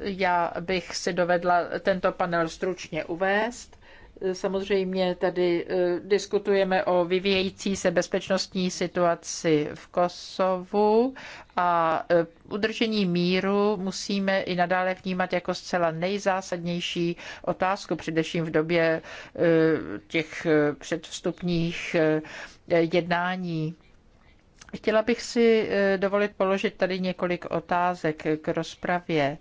Já bych si dovedla tento panel stručně uvést. Samozřejmě tady eh, diskutujeme o vyvíjející se bezpečnostní situaci v Kosovu a eh, udržení míru musíme i nadále vnímat jako zcela nejzásadnější otázku, především v době eh, těch předvstupních jednání Chtěla bych si eh, dovolit položit tady několik otázek k rozpravě.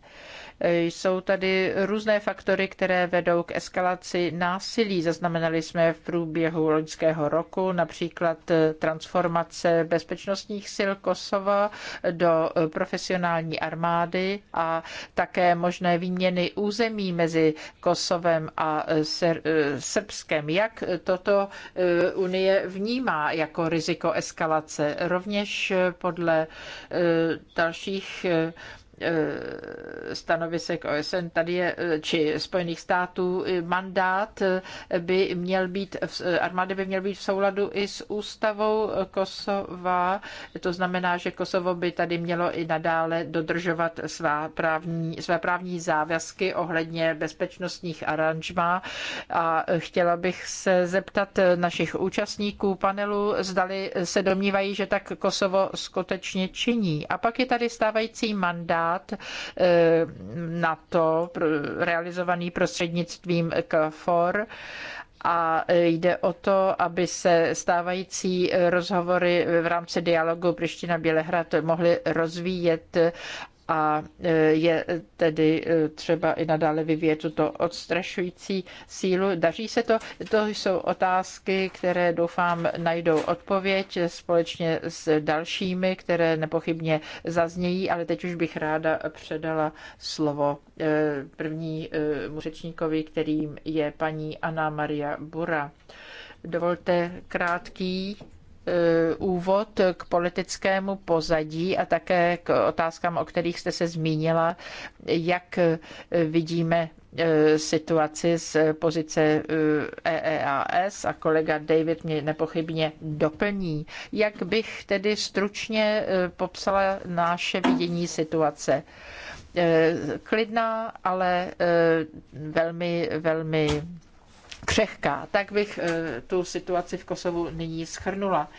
Jsou tady různé faktory, které vedou k eskalaci násilí. Zaznamenali jsme v průběhu loňského roku například transformace bezpečnostních sil Kosova do profesionální armády a také možné výměny území mezi Kosovem a Srbskem. Jak toto eh, Unie vnímá jako riziko eskalace? Rovněž eh, podle eh, dalších E, stanovisek OSN tady je, e, či Spojených států e, mandát by měl být, armády by měl být v souladu i s ústavou Kosova. To znamená, že Kosovo by tady mělo i nadále dodržovat svá právní, své právní závazky ohledně bezpečnostních aranžmá. A chtěla bych se zeptat našich účastníků panelu, zdali se domnívají, že tak Kosovo skutečně činí. A pak je tady stávající mandát mandát eh, na to realizovaný prostřednictvím KFOR a eh, jde o to, aby se stávající eh, rozhovory v rámci dialogu Priština Bělehrad mohly rozvíjet a e, je tedy e, třeba i nadále vyvíjet tuto odstrašující sílu. Daří se to? To jsou otázky, které doufám najdou odpověď společně s dalšími, které nepochybně zaznějí, ale teď už bych ráda předala slovo e, prvnímu řečníkovi, kterým je paní Anna Maria Bura. Dovolte krátký Eh, úvod k politickému pozadí a také k otázkám, o kterých jste se zmínila, jak eh, vidíme eh, situaci z pozice EEAS e a kolega David mě nepochybně doplní. Jak bych tedy stručně popsala naše vidění situace? Klidná, ale velmi, velmi křehká. Tak bych eh, tu situaci v Kosovu nyní schrnula.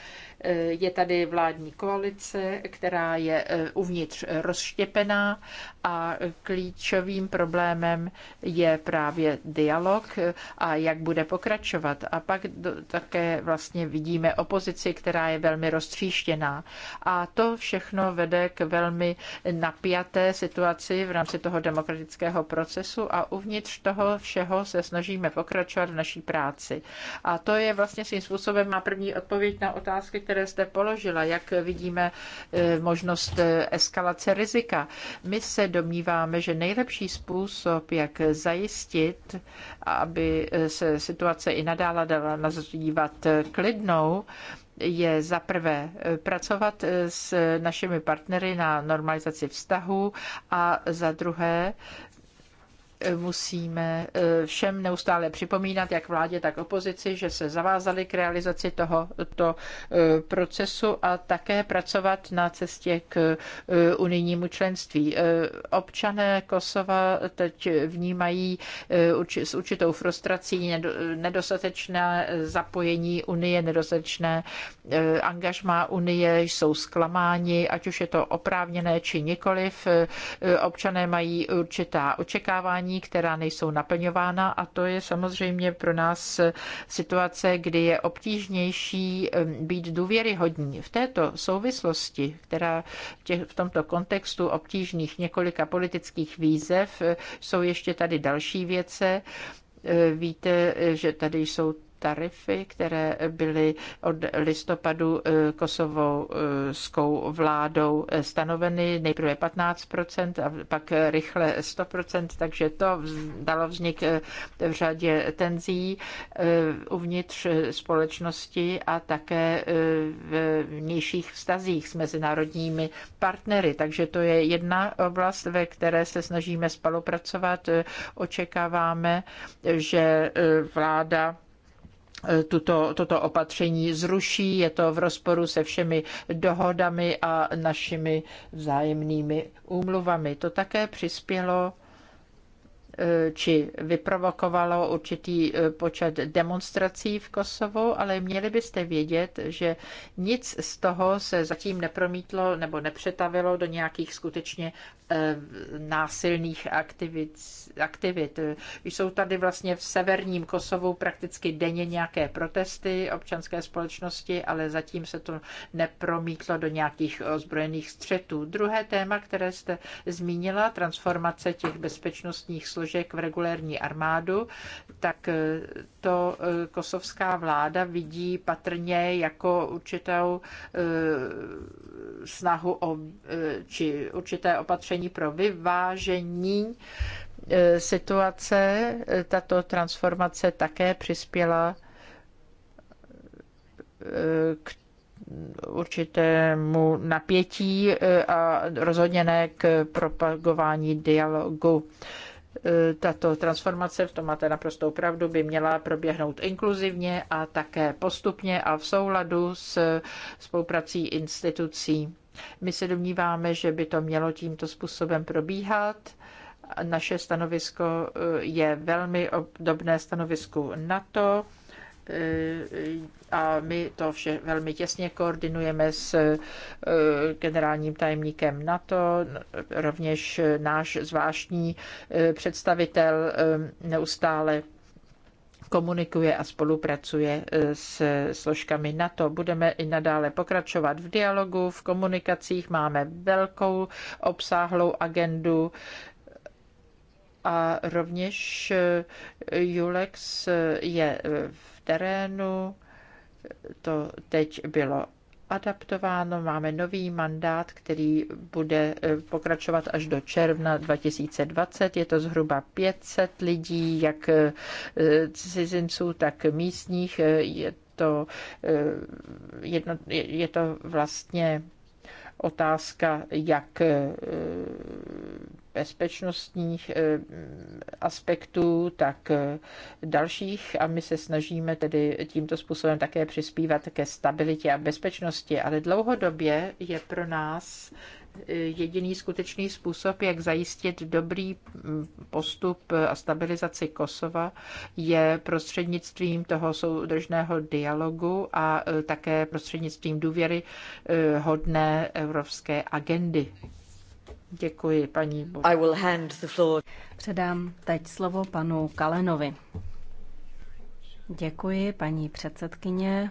Eh, je tady vládní koalice, která je eh, uvnitř rozštěpená a klíčovým problémem je právě dialog eh, a jak bude pokračovat. A pak také vlastně vidíme opozici, která je velmi roztříštěná. A to všechno vede k velmi napjaté situaci v rámci toho demokratického procesu a uvnitř toho všeho se snažíme pokračovat v naší práci. A to je vlastně svým způsobem má první odpověď na otázky, které které jste položila, jak vidíme eh, možnost eh, eskalace rizika. My se domníváme, že nejlepší způsob, jak zajistit, aby eh, se situace i nadále dala nazývat klidnou, je za prvé pracovat s našimi partnery na normalizaci vztahu a za druhé musíme eh, všem neustále připomínat, jak vládě, tak opozici, že se zavázali k realizaci tohoto eh, procesu a také pracovat na cestě k eh, unijnímu členství. Občané Kosova teď vnímají s určitou frustrací nedostatečné zapojení Unie, nedostatečné angažmá Unie, jsou zklamáni, ať už je to oprávněné či nikoliv. Občané mají určitá očekávání, opatření, která nejsou naplňována a to je samozřejmě pro nás situace, kdy je obtížnější být důvěryhodní. V této souvislosti, která v, těch, v tomto kontextu obtížných několika politických výzev, e, jsou ještě tady další věce. E, víte, e, že tady jsou tarify, které byly od listopadu eh, kosovskou vládou eh, stanoveny, nejprve 15% a pak rychle 100%, takže to dalo vznik eh, v řadě tenzí uvnitř společnosti a také v vnějších vztazích s mezinárodními partnery. Takže to je jedna oblast, ve které se snažíme spolupracovat. Očekáváme, že vláda tuto, toto opatření zruší. Je to v rozporu se všemi dohodami a našimi vzájemnými úmluvami. To také přispělo Eh, či vyprovokovalo určitý eh, počet demonstrací v Kosovu, ale měli byste vědět, že nic z toho se zatím nepromítlo nebo nepřetavilo do nějakých skutečně eh, násilných aktivit. aktivit. Jsou tady vlastně v severním Kosovu prakticky denně nějaké protesty občanské společnosti, ale zatím se to nepromítlo do nějakých ozbrojených střetů. Druhé téma, které jste zmínila, transformace těch bezpečnostních služeb, složek v regulérní armádu, tak eh, to eh, kosovská vláda vidí patrně jako určitou eh, snahu o, či určité opatření pro vyvážení situace. Tato transformace také přispěla k určitému napětí a rozhodně ne k propagování dialogu. Eh, tato transformace, v tom máte naprostou pravdu, by měla proběhnout inkluzivně a také postupně a v souladu s eh, spoluprací institucí. My se domníváme, že by to mělo tímto způsobem probíhat. Naše stanovisko eh, je velmi obdobné stanovisku NATO. Eh, a my to vše velmi těsně koordinujeme s eh, generálním tajemníkem NATO, rovněž náš zvláštní eh, představitel neustále komunikuje a spolupracuje s složkami NATO. Budeme i nadále pokračovat v dialogu, v komunikacích. Máme velkou obsáhlou agendu a rovněž Julex je v terénu. To teď bylo adaptováno, máme nový mandát, který bude eh, pokračovat až do června 2020. Je to zhruba 500 lidí, jak eh, cizinců, tak místních. Je to, eh, jedno, je to vlastně otázka, jak eh, bezpečnostních eh, aspektů, tak eh, dalších a my se snažíme tedy tímto způsobem také přispívat ke stabilitě a bezpečnosti, ale dlouhodobě je pro nás jediný skutečný způsob, jak zajistit dobrý postup a stabilizaci Kosova, je prostřednictvím toho soudržného dialogu a e, také prostřednictvím důvěry e, hodné evropské agendy. Děkuji, paní. I will hand the floor. Předám teď slovo panu Kalenovi. Děkuji, paní předsedkyně.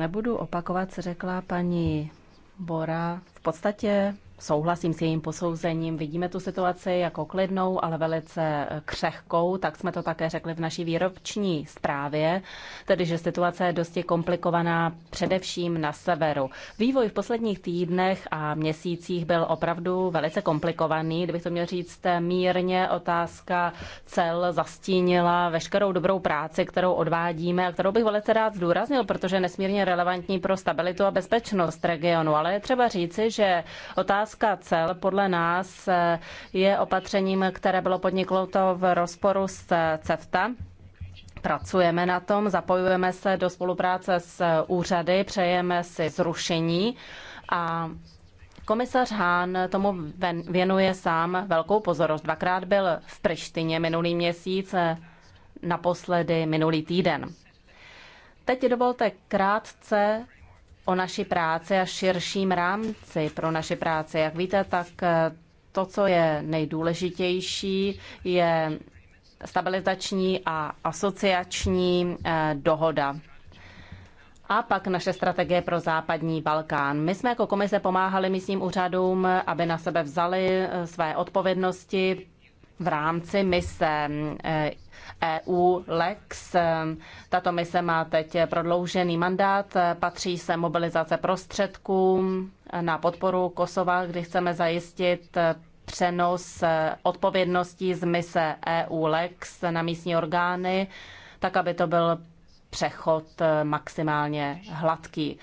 nebudu opakovat, co řekla paní Bora. V podstatě souhlasím s jejím posouzením. Vidíme tu situaci jako klidnou, ale velice křehkou, tak jsme to také řekli v naší výroční zprávě, tedy že situace je dosti komplikovaná především na severu. Vývoj v posledních týdnech a měsících byl opravdu velice komplikovaný, kdybych to měl říct mírně, otázka cel zastínila veškerou dobrou práci, kterou odvádíme a kterou bych velice rád zdůraznil, protože je nesmírně relevantní pro stabilitu a bezpečnost regionu, ale je třeba říci, že otázka Otázka cel podle nás eh, je opatřením, které bylo podniknuto v rozporu s eh, CEFTA. Pracujeme na tom, zapojujeme se do spolupráce s eh, úřady, přejeme si zrušení a Komisař Hahn tomu věnuje sám velkou pozornost. Dvakrát byl v Prištině minulý měsíc, naposledy minulý týden. Teď dovolte krátce o naší práci a širším rámci pro naši práci. Jak víte, tak eh, to, co je nejdůležitější, je stabilizační a asociační eh, dohoda. A pak naše strategie pro západní Balkán. My jsme jako komise pomáhali místním úřadům, aby na sebe vzali eh, své odpovědnosti v rámci mise EU Lex. Ehm, tato mise má teď prodloužený mandát, patří se mobilizace prostředků na podporu Kosova, kdy chceme zajistit přenos odpovědností z mise EU Lex na místní orgány, tak aby to byl přechod eh, maximálně hladký.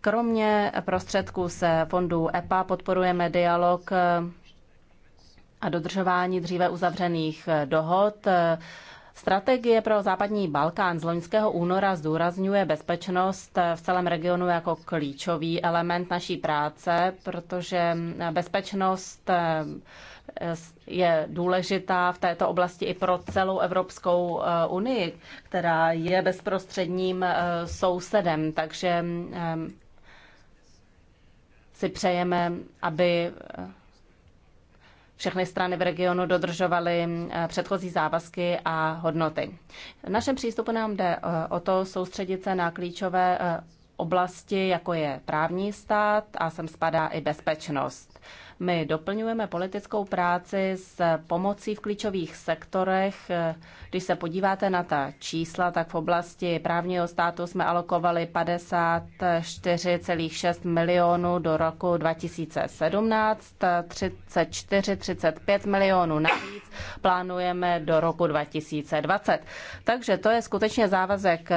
Kromě prostředků se fondů EPA podporujeme dialog eh, a dodržování dříve uzavřených eh, dohod. Strategie pro západní Balkán z loňského února zdůrazňuje bezpečnost v celém regionu jako klíčový element naší práce, protože bezpečnost eh, je důležitá v této oblasti i pro celou Evropskou eh, unii, která je bezprostředním eh, sousedem. Takže si přejeme, aby všechny strany v regionu dodržovaly eh, předchozí závazky a hodnoty. V našem přístupu nám jde eh, o to soustředit se na klíčové eh, oblasti, jako je právní stát a sem spadá i bezpečnost. My doplňujeme politickou práci s pomocí v klíčových sektorech. Když se podíváte na ta čísla, tak v oblasti právního státu jsme alokovali 54,6 milionů do roku 2017, 34-35 milionů navíc plánujeme do roku 2020. Takže to je skutečně závazek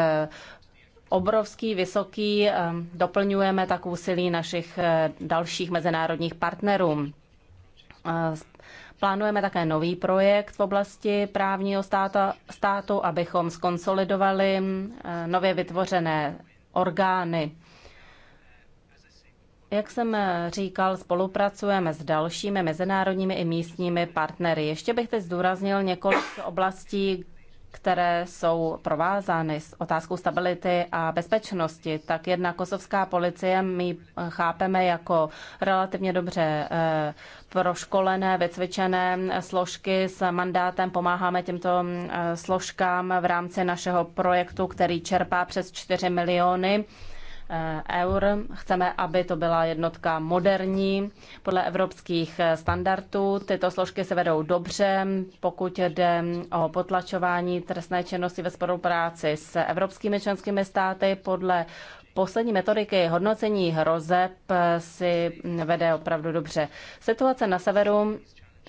obrovský, vysoký. Doplňujeme tak úsilí našich eh, dalších mezinárodních partnerů. Eh, plánujeme také nový projekt v oblasti právního státa, státu, abychom skonsolidovali nově vytvořené orgány. Jak jsem eh, říkal, spolupracujeme s dalšími mezinárodními i místními partnery. Ještě bych teď zdůraznil několik oblastí, které jsou provázány s otázkou stability a bezpečnosti, tak jedna kosovská policie my chápeme jako relativně dobře eh, proškolené, vycvičené složky s mandátem. Pomáháme těmto mm, eh, složkám v rámci našeho projektu, který čerpá přes 4 miliony Eh, eur. Chceme, aby to byla jednotka moderní podle evropských eh, standardů. Tyto složky se vedou dobře, pokud jde o potlačování trestné činnosti ve spolupráci s evropskými členskými státy podle poslední metodiky hodnocení hrozeb eh, si vede opravdu dobře. Situace na severu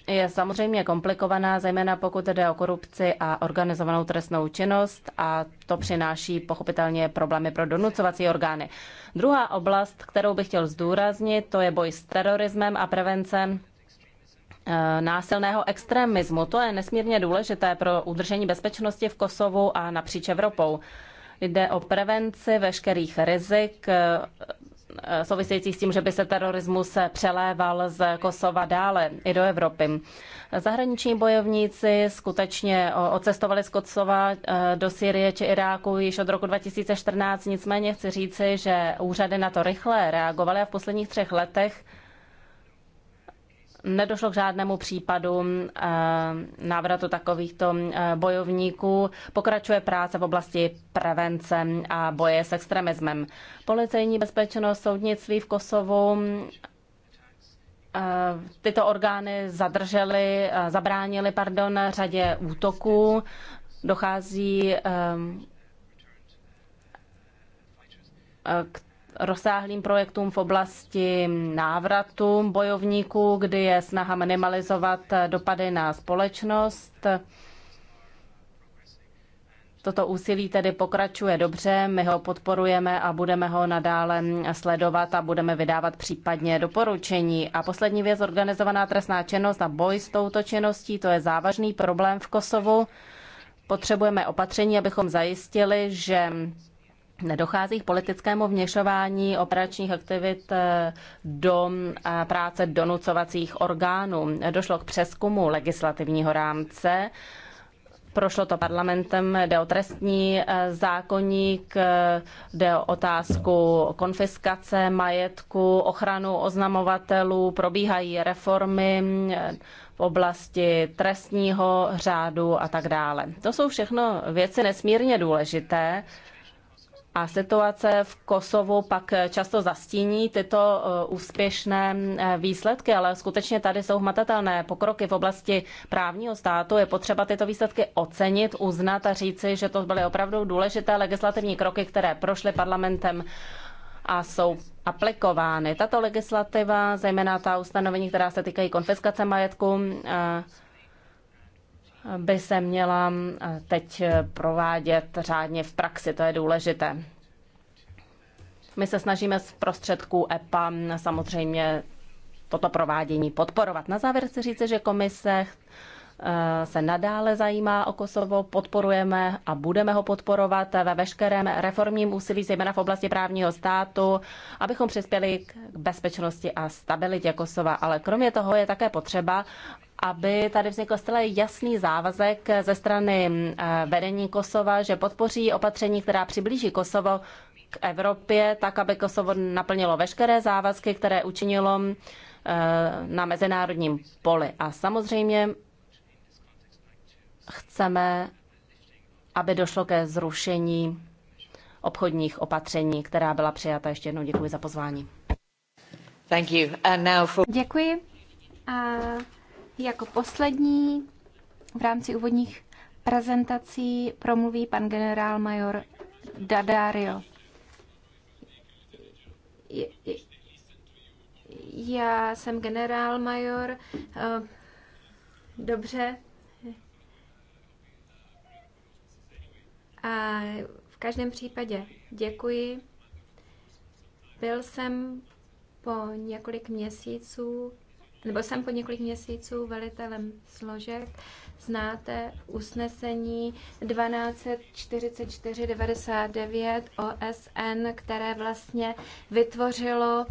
je samozřejmě komplikovaná, zejména pokud jde o korupci a organizovanou trestnou činnost a to přináší pochopitelně problémy pro donucovací orgány. Druhá oblast, kterou bych chtěl zdůraznit, to je boj s terorismem a prevence eh, násilného extremismu. To je nesmírně důležité pro udržení bezpečnosti v Kosovu a napříč Evropou. Jde o prevenci veškerých rizik eh, Eh, související s tím, že by se terorismus přeléval z Kosova dále i do Evropy. Zahraniční bojovníci skutečně odcestovali z Kosova eh, do Syrie či Iráku již od roku 2014, nicméně chci říci, že úřady na to rychle reagovaly a v posledních třech letech nedošlo k žádnému případu eh, návratu takovýchto eh, bojovníků. Pokračuje práce v oblasti prevence a boje s extremismem. Policejní bezpečnost, soudnictví v Kosovu eh, tyto orgány zadržely, zabránily pardon, řadě útoků. Dochází k rozsáhlým projektům v oblasti návratu bojovníků, kdy je snaha minimalizovat dopady na společnost. Toto úsilí tedy pokračuje dobře, my ho podporujeme a budeme ho nadále sledovat a budeme vydávat případně doporučení. A poslední věc, organizovaná trestná činnost a boj s touto činností, to je závažný problém v Kosovu. Potřebujeme opatření, abychom zajistili, že Nedochází k politickému vněšování operačních aktivit eh, do práce donucovacích orgánů. Došlo k přeskumu legislativního rámce. Prošlo to parlamentem, jde o trestní eh, zákonník, eh, jde o otázku konfiskace majetku, ochranu oznamovatelů, probíhají reformy v oblasti trestního řádu a tak dále. To jsou všechno věci nesmírně důležité, a situace v Kosovu pak často zastíní tyto eh, úspěšné eh, výsledky, ale skutečně tady jsou hmatatelné pokroky v oblasti právního státu. Je potřeba tyto výsledky ocenit, uznat a říci, že to byly opravdu důležité legislativní kroky, které prošly parlamentem a jsou aplikovány. Tato legislativa, zejména ta ustanovení, která se týkají konfiskace majetku, eh, by se měla eh, teď eh, provádět řádně v praxi, to je důležité. My se snažíme z prostředků EPA mm, samozřejmě toto provádění podporovat. Na závěr chci říct, že komise eh, se nadále zajímá o Kosovo, podporujeme a budeme ho podporovat ve veškerém reformním úsilí, zejména v oblasti právního státu, abychom přispěli k bezpečnosti a stabilitě Kosova. Ale kromě toho je také potřeba, aby tady vznikl zcela jasný závazek ze strany eh, vedení Kosova, že podpoří opatření, která přiblíží Kosovo k Evropě, tak aby Kosovo naplnilo veškeré závazky, které učinilo eh, na mezinárodním poli. A samozřejmě chceme, aby došlo ke zrušení obchodních opatření, která byla přijata. Ještě jednou děkuji za pozvání. Thank you. And now for... Děkuji. A jako poslední v rámci úvodních prezentací promluví pan generál major Dadario. Já jsem generál major. Eh, dobře. A v každém případě děkuji. Byl jsem po několik měsíců nebo jsem po několik měsíců velitelem složek. Znáte usnesení 1244-99 OSN, které vlastně vytvořilo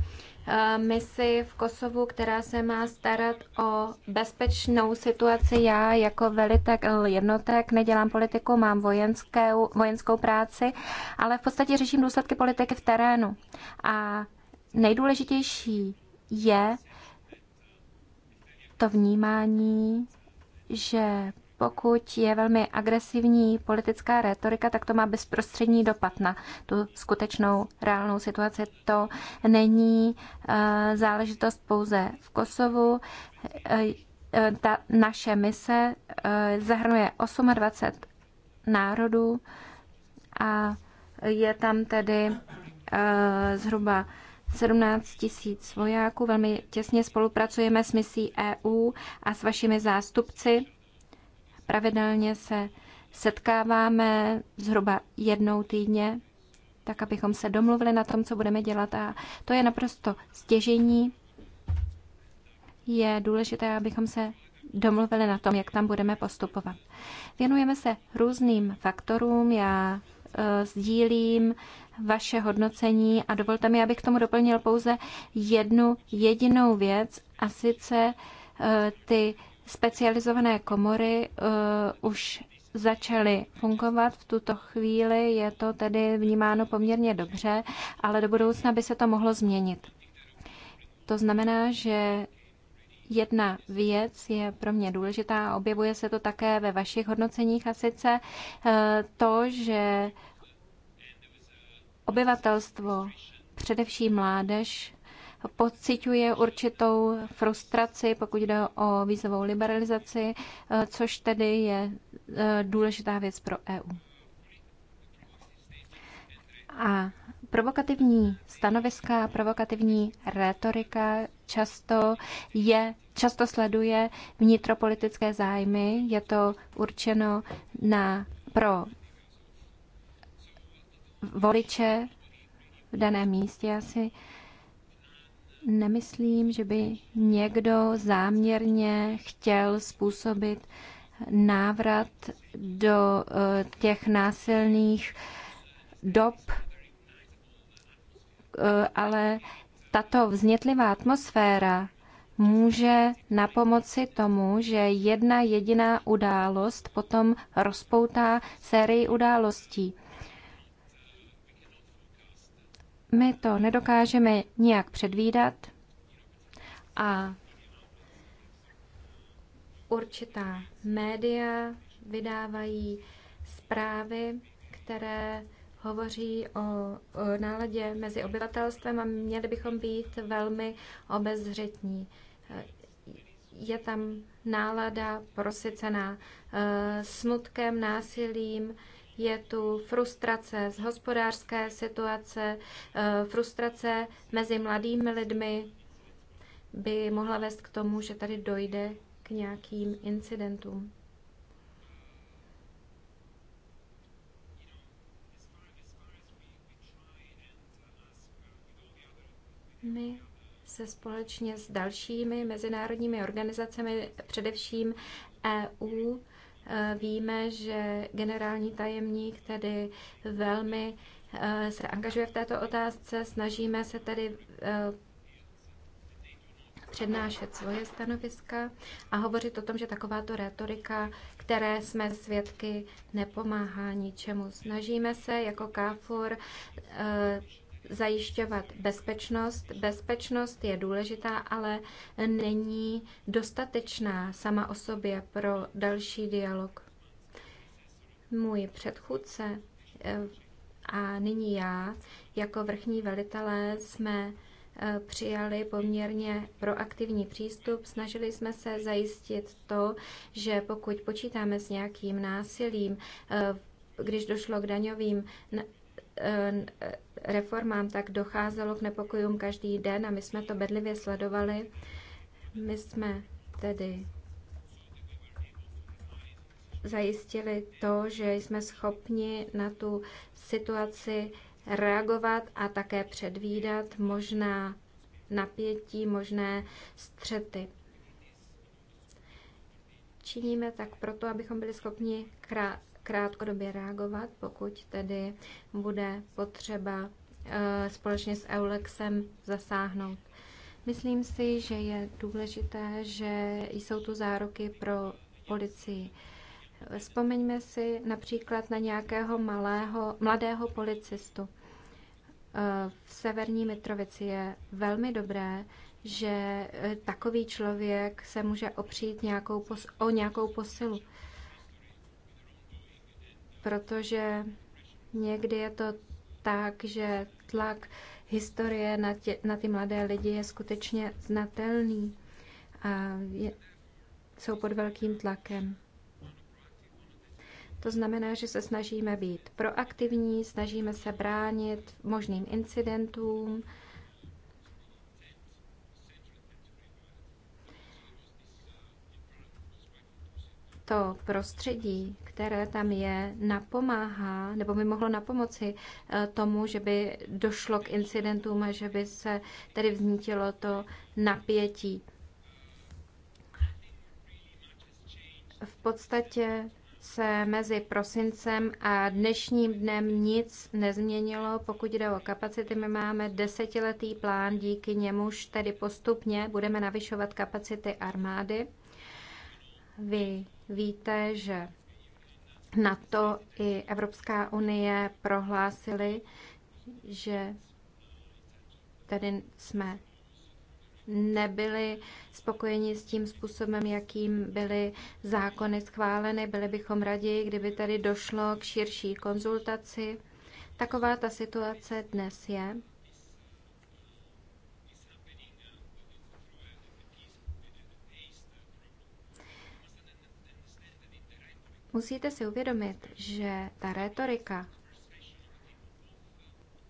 eh, misi v Kosovu, která se má starat o bezpečnou situaci. Já jako velitel jednotek nedělám politiku, mám vojenské, vojenskou práci, ale v podstatě řeším důsledky politiky v terénu. A nejdůležitější je, to vnímání, že pokud je velmi agresivní politická retorika, tak to má bezprostřední dopad na tu skutečnou reálnou situaci. To není eh, záležitost pouze v Kosovu. Eh, eh, ta naše mise zahrnuje 28 národů a je tam tedy zhruba 17 000 vojáků. Velmi těsně spolupracujeme s misí EU a s vašimi zástupci. Pravidelně se setkáváme zhruba jednou týdně, tak abychom se domluvili na tom, co budeme dělat. A to je naprosto stěžení. Je důležité, abychom se domluvili na tom, jak tam budeme postupovat. Věnujeme se různým faktorům. Já eh, sdílím vaše hodnocení a dovolte mi, abych k tomu doplnil pouze jednu jedinou věc a sice eh, ty specializované komory eh, už začaly fungovat. V tuto chvíli je to tedy vnímáno poměrně dobře, ale do budoucna by se to mohlo změnit. To znamená, že jedna věc je pro mě důležitá, objevuje se to také ve vašich hodnoceních a sice eh, to, že obyvatelstvo, především mládež, pociťuje určitou frustraci, pokud jde o vízovou liberalizaci, eh, což tedy je eh, důležitá věc pro EU. A provokativní stanoviska, provokativní retorika často je, často sleduje vnitropolitické zájmy, je to určeno na pro voliče v daném místě. Já si nemyslím, že by někdo záměrně chtěl způsobit návrat do eh, těch násilných dob, eh, ale tato vznětlivá atmosféra může na pomoci tomu, že jedna jediná událost potom rozpoutá sérii událostí. My to nedokážeme nijak předvídat a určitá média vydávají zprávy, které hovoří o, o náladě mezi obyvatelstvem a měli bychom být velmi obezřetní. Je tam nálada prosycená eh, smutkem, násilím, je tu frustrace z hospodářské situace, eh, frustrace mezi mladými lidmi by mohla vést k tomu, že tady dojde k nějakým incidentům. My se společně s dalšími mezinárodními organizacemi, především EU, Eh, víme, že generální tajemník tedy velmi eh, se angažuje v této otázce. Snažíme se tedy eh, přednášet svoje stanoviska a hovořit o tom, že takováto retorika, které jsme svědky, nepomáhá ničemu. Snažíme se jako KFOR zajišťovat bezpečnost. Bezpečnost je důležitá, ale není dostatečná sama o sobě pro další dialog. Můj předchůdce eh, a nyní já jako vrchní velitelé jsme eh, přijali poměrně proaktivní přístup. Snažili jsme se zajistit to, že pokud počítáme s nějakým násilím, eh, když došlo k daňovým Eh, reformám, tak docházelo k nepokojům každý den a my jsme to bedlivě sledovali. My jsme tedy zajistili to, že jsme schopni na tu situaci reagovat a také předvídat možná napětí, možné střety. Činíme tak proto, abychom byli schopni krát krátkodobě reagovat, pokud tedy bude potřeba eh, společně s Eulexem zasáhnout. Myslím si, že je důležité, že jsou tu záruky pro policii. Vzpomeňme si například na nějakého malého, mladého policistu. Eh, v severní Mitrovici je velmi dobré, že eh, takový člověk se může opřít nějakou pos- o nějakou posilu protože někdy je to tak, že tlak historie na, tě, na ty mladé lidi je skutečně znatelný a je, jsou pod velkým tlakem. To znamená, že se snažíme být proaktivní, snažíme se bránit možným incidentům. To prostředí, které tam je, napomáhá, nebo by mohlo napomoci eh, tomu, že by došlo k incidentům a že by se tedy vznítilo to napětí. V podstatě se mezi prosincem a dnešním dnem nic nezměnilo. Pokud jde o kapacity, my máme desetiletý plán, díky němuž tedy postupně budeme navyšovat kapacity armády. Vy víte, že NATO i Evropská unie prohlásili, že tady jsme nebyli spokojeni s tím způsobem, jakým byly zákony schváleny. Byli bychom raději, kdyby tady došlo k širší konzultaci. Taková ta situace dnes je. Musíte si uvědomit, že ta rétorika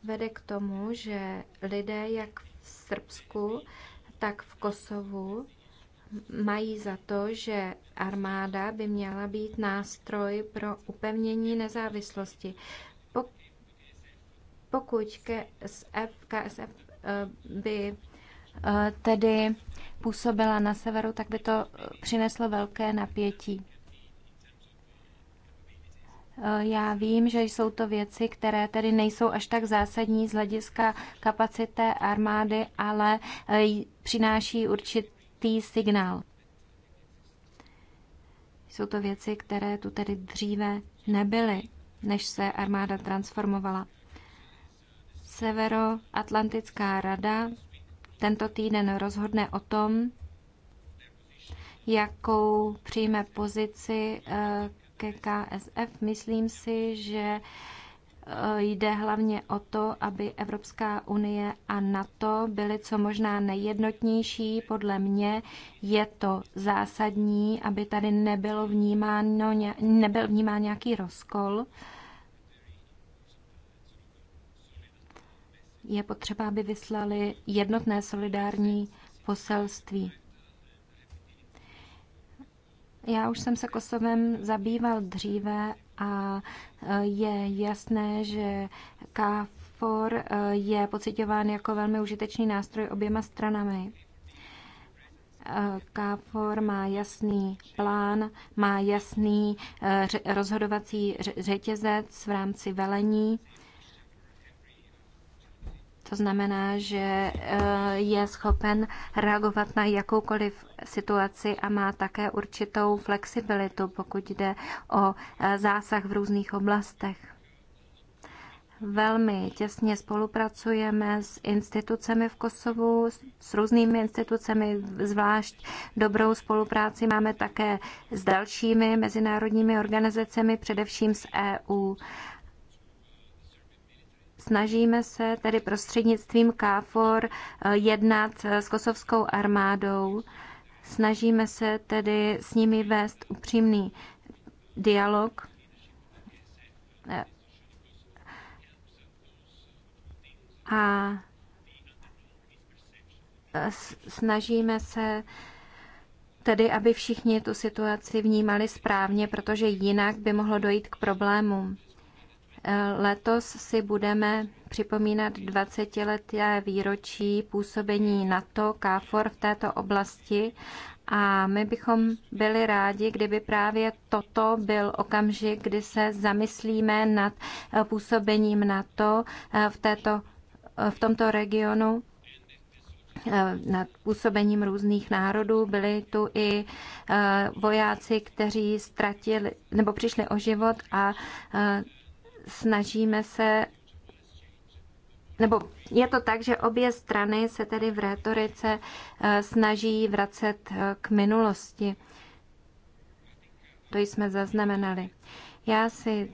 vede k tomu, že lidé jak v Srbsku, tak v Kosovu mají za to, že armáda by měla být nástroj pro upevnění nezávislosti. Pokud KSF, KSF eh, by eh, tedy působila na severu, tak by to eh, přineslo velké napětí. Eh, já vím, že jsou to věci, které tedy nejsou až tak zásadní z hlediska kapacity armády, ale eh, přináší určitý signál. Jsou to věci, které tu tedy dříve nebyly, než se armáda transformovala. Severoatlantická rada tento týden rozhodne o tom, jakou přijme pozici eh, ke KSF. Myslím si, že e, jde hlavně o to, aby Evropská unie a NATO byly co možná nejjednotnější. Podle mě je to zásadní, aby tady nebylo vnímáno, nebyl vnímán nějaký rozkol. Je potřeba, aby vyslali jednotné solidární poselství. Já už jsem se Kosovem zabýval dříve a e, je jasné, že KFOR e, je pocitován jako velmi užitečný nástroj oběma stranami. E, KFOR má jasný plán, má jasný rozhodovací řetězec v rámci velení to znamená, že eh, je schopen reagovat na jakoukoliv situaci a má také určitou flexibilitu, pokud jde o eh, zásah v různých oblastech. Velmi těsně spolupracujeme s institucemi v Kosovu, s různými institucemi, zvlášť dobrou spolupráci máme také s dalšími mezinárodními organizacemi, především s EU. Snažíme se tedy prostřednictvím KFOR eh, jednat eh, s kosovskou armádou. Snažíme se tedy s nimi vést upřímný dialog. Eh, a snažíme se tedy, aby všichni tu situaci vnímali správně, protože jinak by mohlo dojít k problémům. Letos si budeme připomínat 20 leté výročí působení NATO KFOR v této oblasti a my bychom byli rádi, kdyby právě toto byl okamžik, kdy se zamyslíme nad působením NATO v, této, v tomto regionu nad působením různých národů. Byli tu i eh, vojáci, kteří ztratili nebo přišli o život a eh, snažíme se, nebo je to tak, že obě strany se tedy v rétorice eh, snaží vracet eh, k minulosti. To jsme zaznamenali. Já si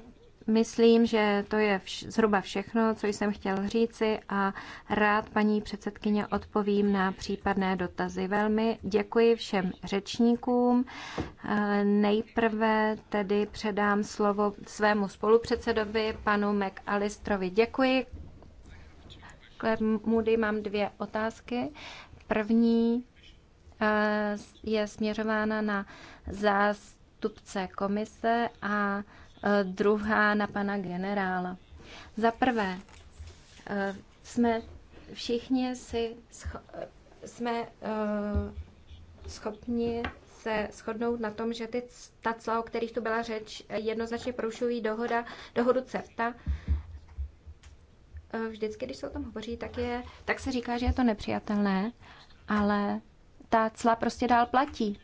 Myslím, že to je vš- zhruba všechno, co jsem chtěl říci a rád paní předsedkyně odpovím na případné dotazy. Velmi děkuji všem řečníkům. Eh, nejprve tedy předám slovo svému spolupředsedovi, panu McAllistrovi. Děkuji. Claire Moody, mám dvě otázky. První eh, je směřována na zástupce komise a Eh, druhá na pana generála. Za prvé, eh, jsme všichni si eh, jsme schopni se shodnout na tom, že ty, ta cla, o kterých tu byla řeč, jednoznačně porušují dohoda, dohodu CEFTA. Vždycky, když se o tom hovoří, tak, je, tak se říká, že je to nepřijatelné, ale ta cla prostě dál platí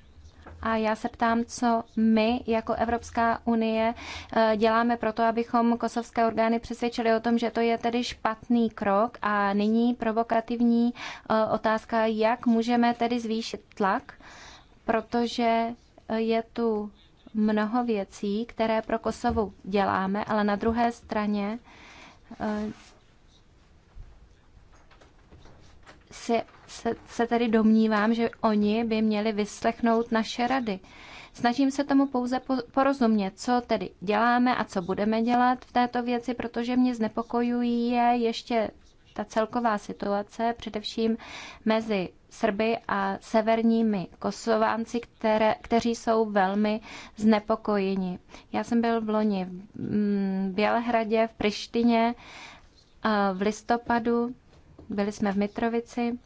a já se ptám, co my jako Evropská unie eh, děláme pro to, abychom kosovské orgány přesvědčili o tom, že to je tedy špatný krok a nyní provokativní eh, otázka, jak můžeme tedy zvýšit tlak, protože eh, je tu mnoho věcí, které pro Kosovo děláme, ale na druhé straně si, se, se tedy domnívám, že oni by měli vyslechnout naše rady. Snažím se tomu pouze porozumět, co tedy děláme a co budeme dělat v této věci, protože mě znepokojují je ještě ta celková situace, především mezi Srby a severními Kosovánci, které, kteří jsou velmi znepokojeni. Já jsem byl v loni v mm, Bělehradě, v Prištině v listopadu byli jsme v Mitrovici,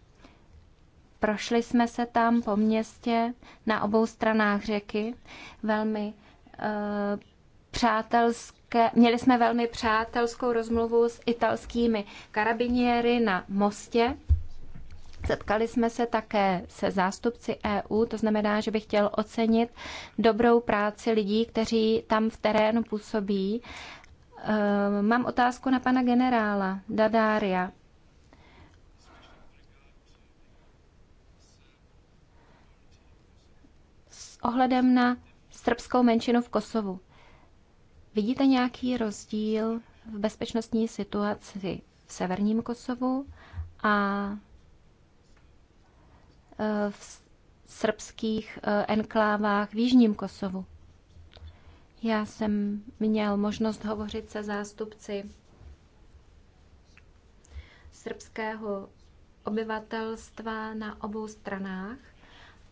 prošli jsme se tam po městě na obou stranách řeky. Velmi uh, přátelské, měli jsme velmi přátelskou rozmluvu s italskými karabiniéry na mostě. Setkali jsme se také se zástupci EU, to znamená, že bych chtěl ocenit dobrou práci lidí, kteří tam v terénu působí. Eh, mám otázku na pana generála Dadária. ohledem na srbskou menšinu v Kosovu. Vidíte nějaký rozdíl v bezpečnostní situaci v severním Kosovu a e, v srbských e, enklávách v jižním Kosovu? Já jsem měl možnost hovořit se zástupci srbského obyvatelstva na obou stranách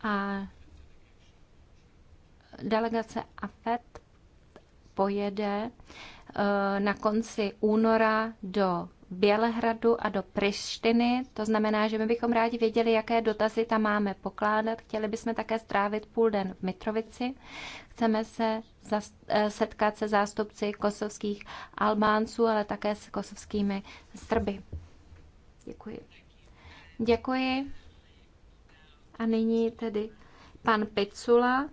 a delegace AFET pojede eh, na konci února do Bělehradu a do Prištiny. To znamená, že my bychom rádi věděli, jaké dotazy tam máme pokládat. Chtěli bychom také strávit půl den v Mitrovici. Chceme se eh, setkat se zástupci kosovských Albánců, ale také s kosovskými Srby. Děkuji. Děkuji. A nyní tedy pan Picula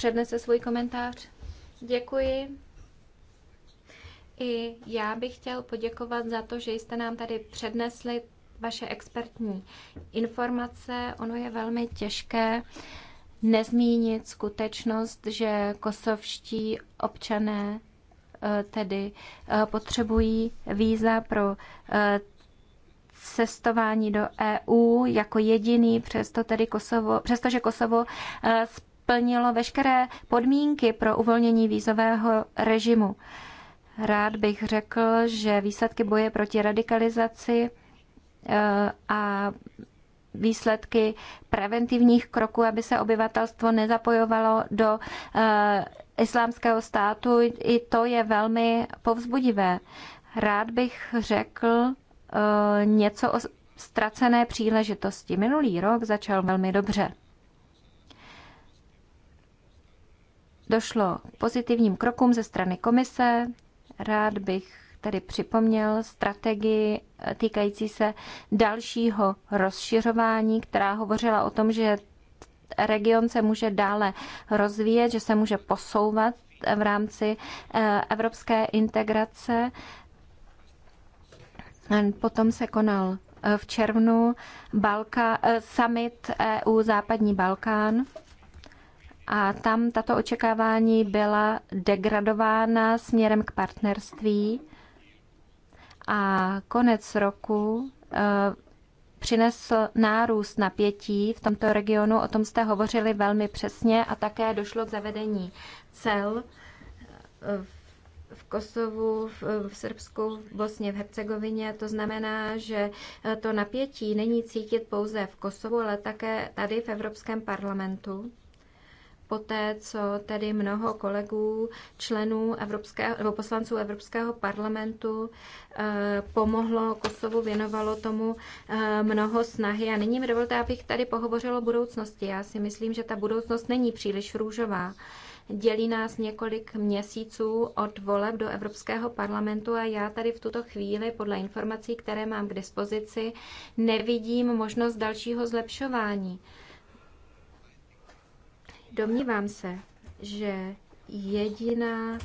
přednese svůj komentář. Děkuji. I já bych chtěl poděkovat za to, že jste nám tady přednesli vaše expertní informace. Ono je velmi těžké nezmínit skutečnost, že kosovští občané eh, tedy eh, potřebují víza pro eh, cestování do EU jako jediný, přesto tedy Kosovo, přestože Kosovo splnilo veškeré podmínky pro uvolnění vízového režimu. Rád bych řekl, že výsledky boje proti radikalizaci eh, a výsledky preventivních kroků, aby se obyvatelstvo nezapojovalo do eh, islámského státu, i to je velmi povzbudivé. Rád bych řekl eh, něco o ztracené příležitosti. Minulý rok začal velmi dobře. došlo k pozitivním krokům ze strany komise. Rád bych tady připomněl strategii eh, týkající se dalšího rozšiřování, která hovořila o tom, že region se může dále rozvíjet, že se může posouvat eh, v rámci eh, evropské integrace. Potom se konal v červnu Balka, summit EU Západní Balkán a tam tato očekávání byla degradována směrem k partnerství a konec roku eh, přinesl nárůst napětí v tomto regionu, o tom jste hovořili velmi přesně a také došlo k zavedení cel eh, v Kosovu, v Srbsku, v Bosně, v Hercegovině. To znamená, že eh, to napětí není cítit pouze v Kosovu, ale také tady v Evropském parlamentu poté, co tedy mnoho kolegů, členů Evropského, nebo poslanců Evropského parlamentu eh, pomohlo Kosovu, věnovalo tomu eh, mnoho snahy. A nyní mi dovolte, abych tady pohovořil o budoucnosti. Já si myslím, že ta budoucnost není příliš růžová. Dělí nás několik měsíců od voleb do Evropského parlamentu a já tady v tuto chvíli, podle informací, které mám k dispozici, nevidím možnost dalšího zlepšování. Domnívám se, že jediná,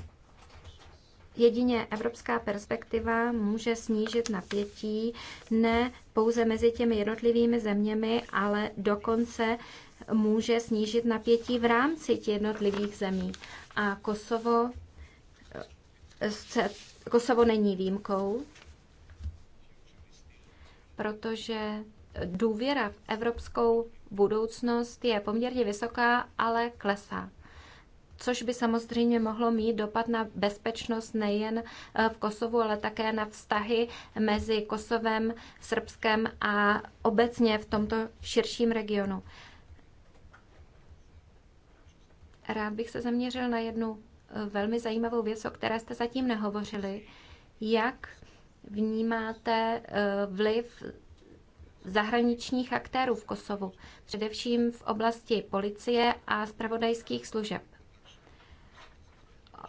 jedině evropská perspektiva může snížit napětí ne pouze mezi těmi jednotlivými zeměmi, ale dokonce může snížit napětí v rámci těch jednotlivých zemí. A Kosovo, eh, Kosovo není výjimkou, protože důvěra v evropskou budoucnost je poměrně vysoká, ale klesá což by samozřejmě mohlo mít dopad na bezpečnost nejen eh, v Kosovu, ale také na vztahy mezi Kosovem, Srbskem a obecně v tomto širším regionu. Rád bych se zaměřil na jednu eh, velmi zajímavou věc, o které jste zatím nehovořili. Jak vnímáte eh, vliv zahraničních aktérů v Kosovu, především v oblasti policie a spravodajských služeb.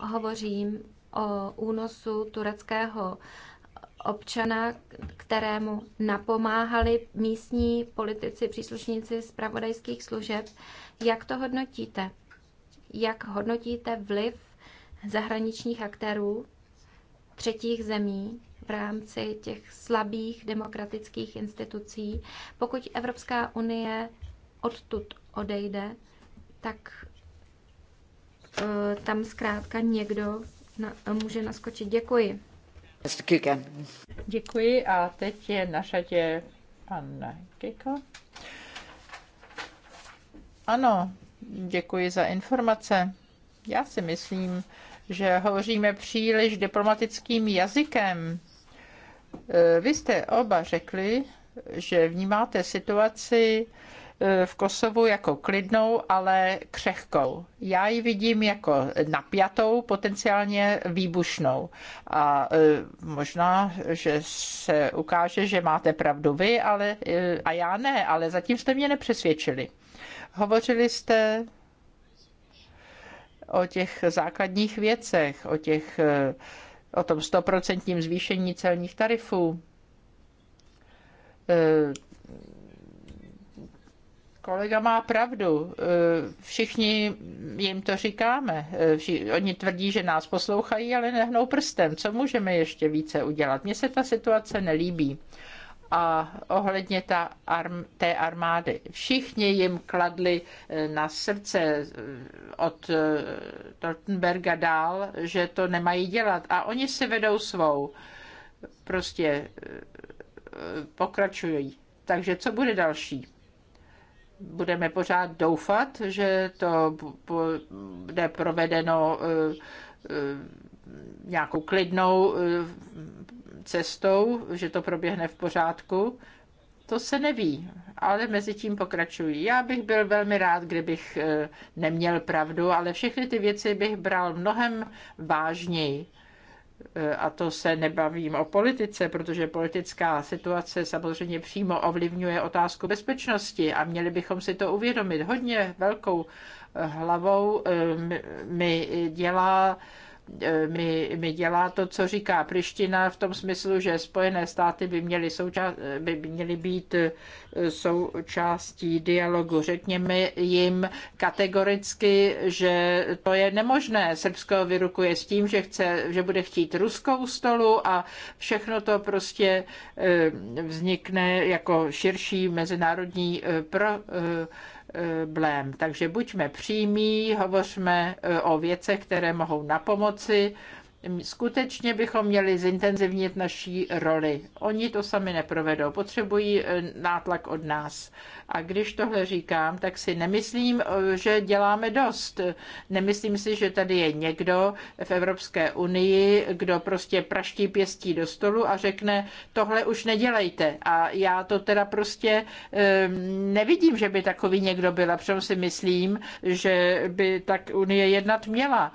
Hovořím o únosu tureckého občana, kterému napomáhali místní politici, příslušníci spravodajských služeb. Jak to hodnotíte? Jak hodnotíte vliv zahraničních aktérů třetích zemí v rámci těch slabých demokratických institucí. Pokud Evropská unie odtud odejde, tak eh, tam zkrátka někdo na, může naskočit. Děkuji. Děkuji a teď je na šatě pan Kiko. Ano, děkuji za informace. Já si myslím, že hovoříme příliš diplomatickým jazykem. Eh, vy jste oba řekli, že vnímáte situaci eh, v Kosovu jako klidnou, ale křehkou. Já ji vidím jako napjatou, potenciálně výbušnou. A eh, možná, že se ukáže, že máte pravdu vy, ale, a já ne, ale zatím jste mě nepřesvědčili. Hovořili jste o těch základních věcech, o těch uh, o tom stoprocentním zvýšení celních tarifů. E, kolega má pravdu. E, všichni jim to říkáme. E, oni tvrdí, že nás poslouchají, ale nehnou prstem. Co můžeme ještě více udělat? Mně se ta situace nelíbí a ohledně ta arm, té armády. Všichni jim kladli e, na srdce e, od e, Tortenberga dál, že to nemají dělat a oni si vedou svou. Prostě pokračují. Takže co bude další? Budeme pořád doufat, že to bude provedeno nějakou klidnou cestou, že to proběhne v pořádku, to se neví, ale mezi tím pokračují. Já bych byl velmi rád, kdybych e, neměl pravdu, ale všechny ty věci bych bral mnohem vážněji. E, a to se nebavím o politice, protože politická situace samozřejmě přímo ovlivňuje otázku bezpečnosti a měli bychom si to uvědomit. Hodně velkou e, hlavou mi dělá E, mi, mi dělá to, co říká Priština v tom smyslu, že Spojené státy by měly, souča- by měly být e, součástí dialogu. Řekněme jim kategoricky, že to je nemožné. Srbsko vyrukuje s tím, že, chce, že bude chtít ruskou stolu a všechno to prostě e, vznikne jako širší mezinárodní pro, blém, Takže buďme přímí, hovořme eh, o věcech, které mohou na pomoci Skutečně bychom měli zintenzivnit naší roli. Oni to sami neprovedou, potřebují e, nátlak od nás. A když tohle říkám, tak si nemyslím, e, že děláme dost. Nemyslím si, že tady je někdo v Evropské unii, kdo prostě praští pěstí do stolu a řekne, tohle už nedělejte. A já to teda prostě e, nevidím, že by takový někdo byl. A přitom si myslím, že by tak unie jednat měla.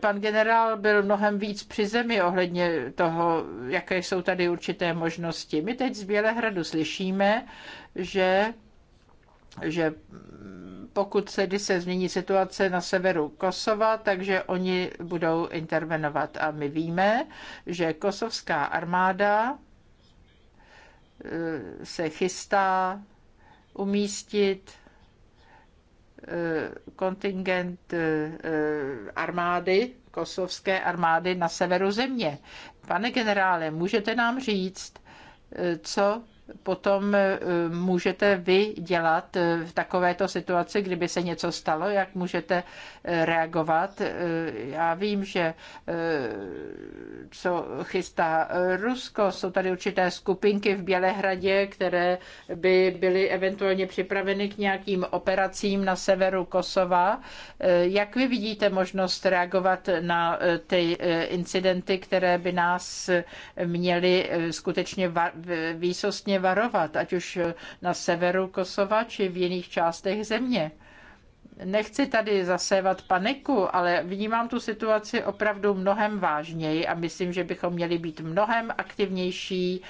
Pan generál byl mnohem víc víc při zemi ohledně toho, jaké jsou tady určité možnosti. My teď z Bělehradu slyšíme, že že pokud se, když se změní situace na severu Kosova, takže oni budou intervenovat. A my víme, že kosovská armáda eh, se chystá umístit eh, kontingent eh, armády kosovské armády na severu země. Pane generále, můžete nám říct, eh, co potom eh, můžete vy dělat eh, v takovéto situaci, kdyby se něco stalo, jak můžete eh, reagovat. Já vím, že co chystá Rusko, jsou tady určité skupinky v Bělehradě, které by byly eventuálně připraveny k nějakým operacím na severu Kosova. Jak vy vidíte možnost reagovat na ty incidenty, které by nás měly skutečně výsostně důrazně varovat, ať už na severu Kosova či v jiných částech země. Nechci tady zasévat paniku, ale vnímám tu situaci opravdu mnohem vážněji a myslím, že bychom měli být mnohem aktivnější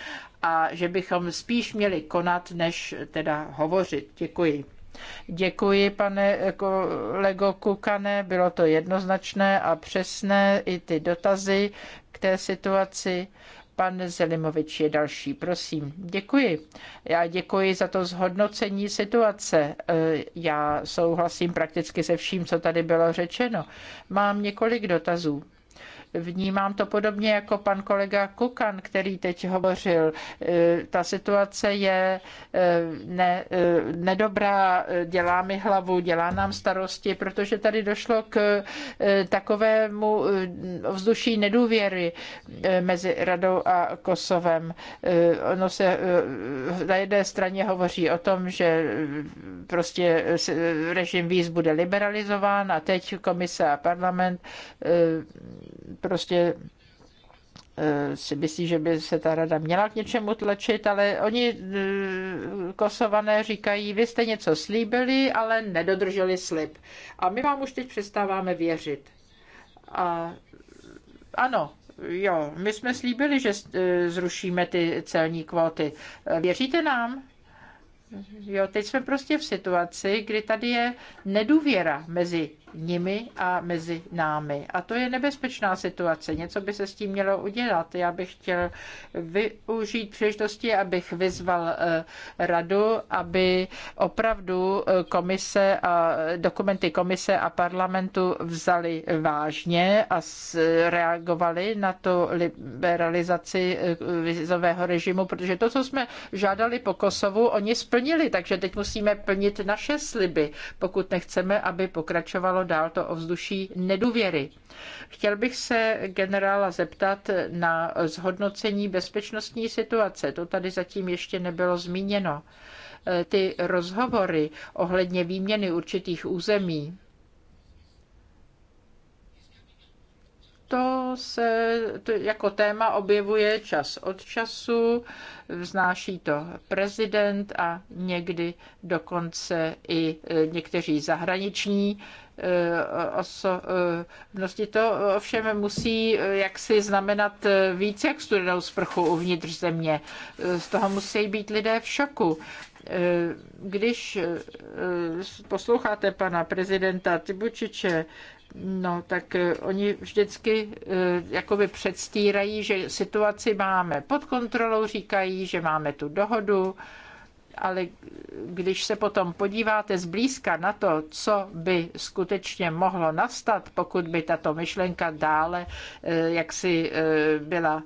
a že bychom spíš měli konat, než teda hovořit. Děkuji. Děkuji, pane kolego Kukane, bylo to jednoznačné a přesné, i ty dotazy k té situaci. Pan Zelimovič je další, prosím. Děkuji. Já děkuji za to zhodnocení situace. Eh, já souhlasím prakticky se vším, co tady bylo řečeno. Mám několik dotazů. Vnímám to podobně jako pan kolega Kukan, který teď hovořil. E, ta situace je e, ne, e, nedobrá, dělá mi hlavu, dělá nám starosti, protože tady došlo k takovému vzduší nedůvěry mezi Radou a Kosovem. Ono se na jedné straně hovoří o tom, že prostě režim víz bude liberalizován a teď komise a parlament prostě eh, si myslí, že by se ta rada měla k něčemu tlačit, ale oni eh, kosované říkají, vy jste něco slíbili, ale nedodrželi slib. A my vám už teď přestáváme věřit. A ano, jo, my jsme slíbili, že eh, zrušíme ty celní kvóty. Věříte nám? Jo, teď jsme prostě v situaci, kdy tady je nedůvěra mezi nimi a mezi námi. A to je nebezpečná situace. Něco by se s tím mělo udělat. Já bych chtěl využít příležitosti, abych vyzval eh, radu, aby opravdu eh, komise a dokumenty komise a parlamentu vzali vážně a reagovali na tu liberalizaci eh, vizového režimu, protože to, co jsme žádali po Kosovu, oni splnili, takže teď musíme plnit naše sliby, pokud nechceme, aby pokračovalo dál to ovzduší nedůvěry. Chtěl bych se generála zeptat na zhodnocení bezpečnostní situace. To tady zatím ještě nebylo zmíněno. E, ty rozhovory ohledně výměny určitých území, to se to jako téma objevuje čas od času, vznáší to prezident a někdy dokonce i e, někteří zahraniční Eh, osobnosti. Eh, to ovšem musí eh, jaksi znamenat víc jak studenou sprchu uvnitř země. Z toho musí být lidé v šoku když posloucháte pana prezidenta Tybučiče, no tak oni vždycky jakoby předstírají, že situaci máme pod kontrolou, říkají, že máme tu dohodu, ale když se potom podíváte zblízka na to, co by skutečně mohlo nastat, pokud by tato myšlenka dále eh, jaksi eh, byla